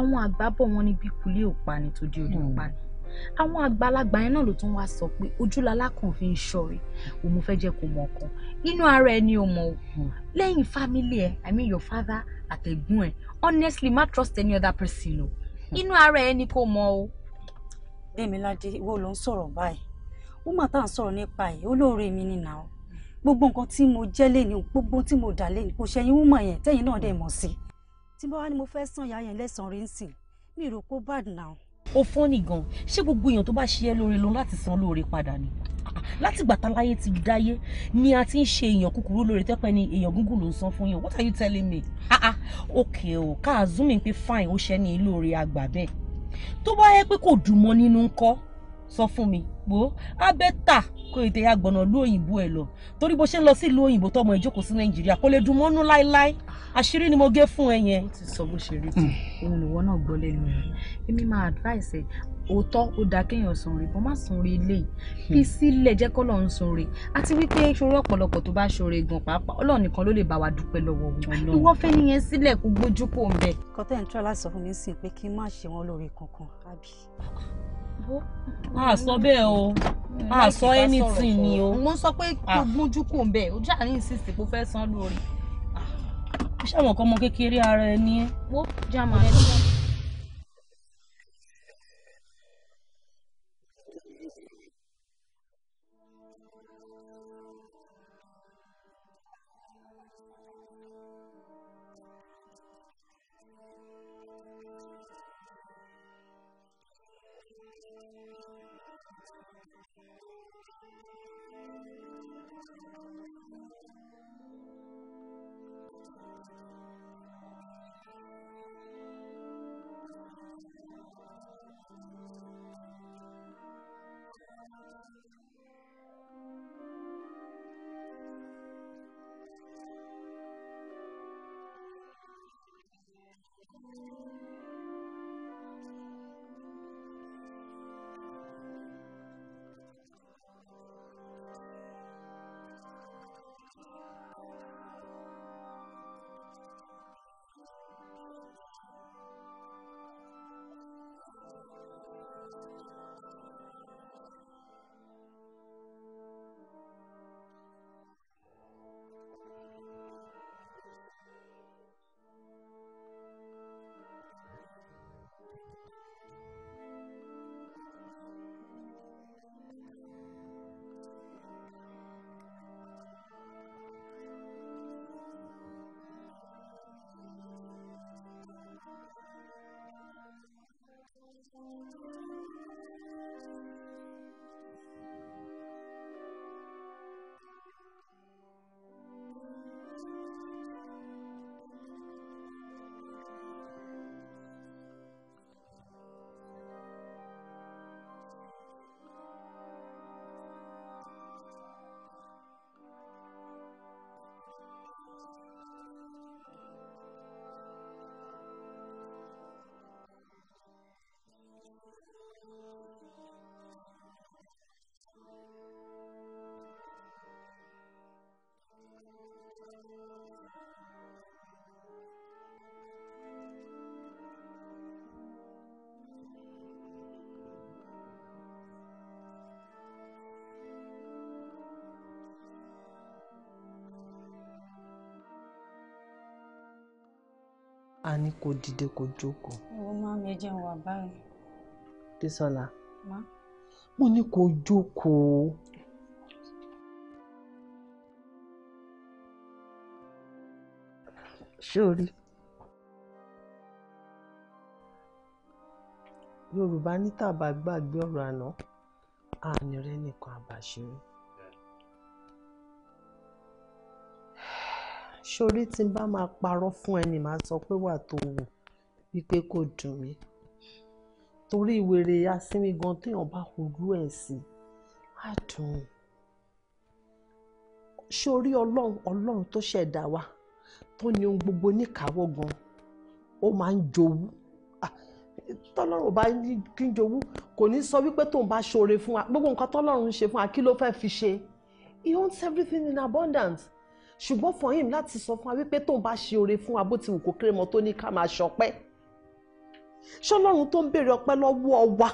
àwọn àgbà bọ̀ wọ́n níbi kulé ò pani tó di orí hmm. pani àwọn àgbàlagbà yẹn náà ló tún wá sọ pé ojúlala kan fi ń ṣọrẹ òun fẹ́ jẹ́ kó mọ ọkàn inú ara ẹni ò mọ òkun hmm. lẹ́yìn family ẹ i mean your father àtẹ̀gbọ́n ẹ honestly má trust any other person o hmm. inú ara ẹni kò mọ o. Dẹ́miládé ìwọ ló ń sọ̀rọ̀ báyìí wọ́n mà tá à ń sọ̀rọ̀ nípa ẹ̀ olóore mi ni nà ó gbogbo nǹkan tí mo jẹ́ lẹ́ni gbogbo tí mo dà lẹ́ni kò ṣẹ̀yìn wọ́n mọ̀ yẹn tẹ́yìn náà dẹ̀ mọ̀ sí i tí bá wá ní mo fẹ́ san ìyá yẹn lẹ́sàn-án rí ń sìn mi rò pé bad now. ó fọ́n nìgan ṣé gbogbo èèyàn tó bá ṣe é lóore lòun láti san lóore padà ni láti gbàtà láyé ti dáyé ni a ti ń ṣe èèyàn kúkúrú lóore tẹ́pẹ́ ni èèyàn gúngùn ló ń san fún yàn what are you telling me ah ah okay o káàzú mi pé fine ó ṣẹ́ ni lóore àgbà bẹ́ẹ̀ tó bá yẹ pé kò dùn mọ́ nínú ńkọ́ sọ fún mi wo abẹ́tà kó ètè ya gbọ̀nà lú òyìnbó ẹ̀ lọ torí bó ṣe ń lọ sí ìlú òyìnbó tọmọ ìjókòó sí nàìjíríà kò lè dùn mọ́nú láéláé àṣírí ni mo gé fún ẹ yẹn. ó ti sọ bó ṣe rí tí òun lòwọ náà gbọ́ lẹ́nu rẹ̀ èmi máa advice ẹ̀ òótọ́ ó dáa kéèyàn sun rè bọ́n má sun rè ilé fi hmm. sílẹ̀ jẹ́ kọ́ lọ́n sun rè àti wípé ṣòro ọ̀pọ̀lọpọ̀ tó bá ṣòro gan pàápàá ọlọ́run nìkan ló lè bá wa dúpẹ́ lọ́wọ́ wọn ìwọ fẹ́ nìyẹn sílẹ̀ kó gbójú kó ń bẹ̀. kọ́tẹ́ láti sọ fún mi sí pé kí n má ṣe wọn lóore kankan àbí a sọ bẹ́ẹ̀ o a sọ anything ni o. mo sọ pé kò ah. gbójú kò ń bẹ̀ ojú àárín ìsinsìn kò fẹ́ san lórí. Ah. ṣé àwọn ọkọ ọmọ kékeré ara ẹ ní. wo jẹ́ àmọ́ ẹ lọ́wọ́. a ní kó dìde kó jókòó. ìwọ máa mi jẹun wà báyìí. Bísọ́lá mo ní kó jókòó. sórí yorùbá ní tàbá gbàgbé ọ̀rọ̀ àná àní rẹ nìkan àbàṣírí. Ṣorí tí n bá máa parọ́ fún ẹ ni màá sọ pé wà tó wù wípé kò dùn mí. Torí wèrè asínwín gan téèyàn bá hurú ẹ̀ sí, á dùn. Ṣorí Ọlọ́run, Ọlọ́run tó ṣẹ̀dá wa, tó ní ohun gbogbo níkàáwọ́ gan, ó máa ń jowú. Tọ́lọ́run bá ní kí n jowú, kò ní sọ wípé tóun bá ṣoore fún wa, gbogbo nǹkan tọ́lọ́run ń ṣe fún wa, kí ló fẹ́ fi ṣe? He owns everything in abundance ṣùgbọ́n for him láti sọ fún wa wípé tó bá ṣe oore fún wa bó ti wù kó kéré mọ́ tó ní ká máa ṣọpẹ́ ṣọlọ́run tó ń béèrè ọpẹ́ lọ́wọ́ wa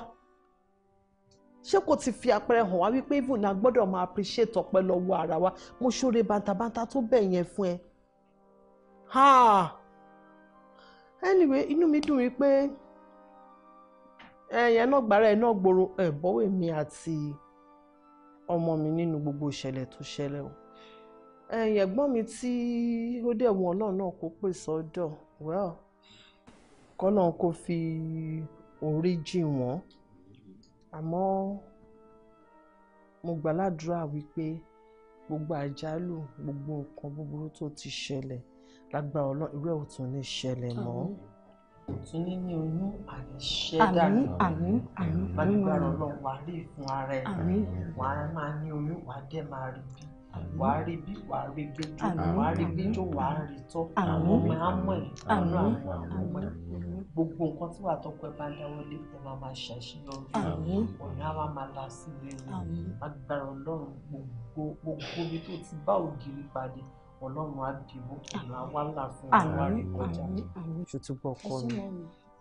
ṣé kò ti fi àpẹẹrẹ hàn wá wípé even na gbọ́dọ̀ máa appreciate ọpẹ́ lọ́wọ́ ara wa mo ṣoore bàǹtàbàǹtà tó bẹ̀ yẹn fún ẹ. Ah! anyway inú mi dùn wí pé eh, ẹyẹn náà gbàrà ẹ náà gbòòrò ẹ bọ́wọ́ èmi àti ọmọ mi nínú gbogbo ìṣẹ̀lẹ̀ tó ṣẹlẹ̀ o ẹ̀yìn ẹ̀gbọ́n mi tí ó dẹ̀ wọn ọlọ́run náà kó pè sọ́dọ̀ well kọ́lọ́n kò fi orí jì wọ́n àmọ́ mo gbà ládùúrà wípé gbogbo àjálù gbogbo nǹkan búburú tó ti ṣẹlẹ̀ lágbára ọlọ́run irú ẹ̀ ò tún ní ṣẹlẹ̀ mọ́. kò tún ní ní oyún àìṣẹ́ dànù lágbára ọlọ́run wà á lè fún ara ẹ̀ wà á máa ní oyún wà á dẹ̀ máa rí bí wà á rí bí wà á rí gbẹjọ wà á rí gbẹjọ wà á rí tọ àwọn ọmọ á mọ ẹ àwọn àwọn ọmọ ẹ gbogbo nǹkan tí wà á tọpẹ bá dáwọ́ lé ẹ máa máa ṣàṣeyọrí ọ̀nà á máa máa la sí rere agbára ọlọ́run gbogbo gbogbo ibi tó ti bá ògiri pàdé ọlọ́run á dìbò ọ̀nà á wá là fún ọ̀nà á rí kọjá. ṣùtúbọ̀ kọ́ mi. ẹ̀sìn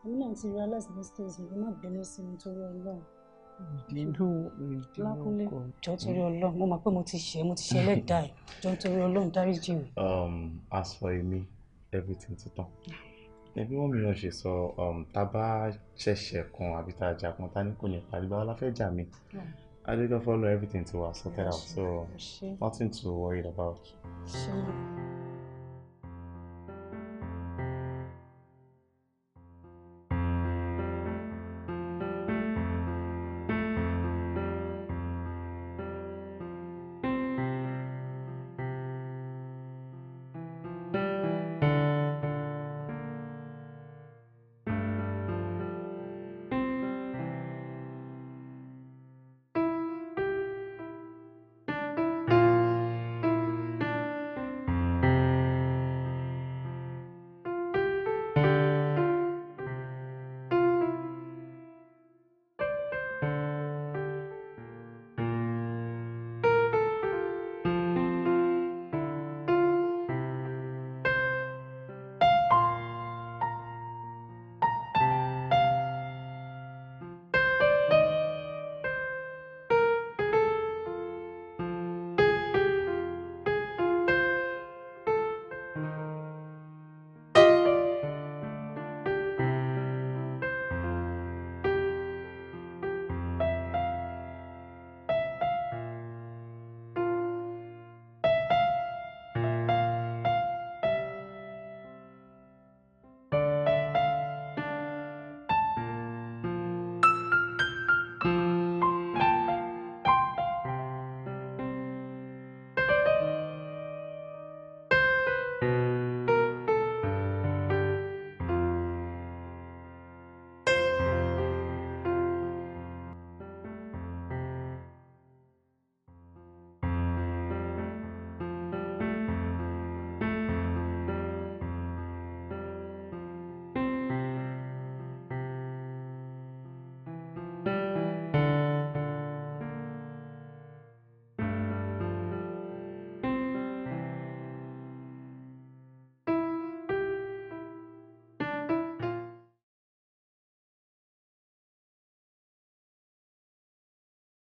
mọ̀ mi èmi náà ti realize these days mi má bínú sí mi torí bínú lákúnlé jọ torí Ọlọ́run mo mọ̀ pé mo ti ṣe mo ti ṣe ẹlẹ́dàá ẹ jọ torí Ọlọ́run dáríjì mi. Um, as for èmi everything ti tán ẹbí wọn mìíràn ṣe sọ um, tá a bá ṣẹ̀ṣẹ̀ kan àbí tá a jà kan tá a ní kò ní parí báwa la fẹ́ jà mí hmm. adédọ́fọ́ lọ everything ti wà sorted so nothing to worry about. Sure.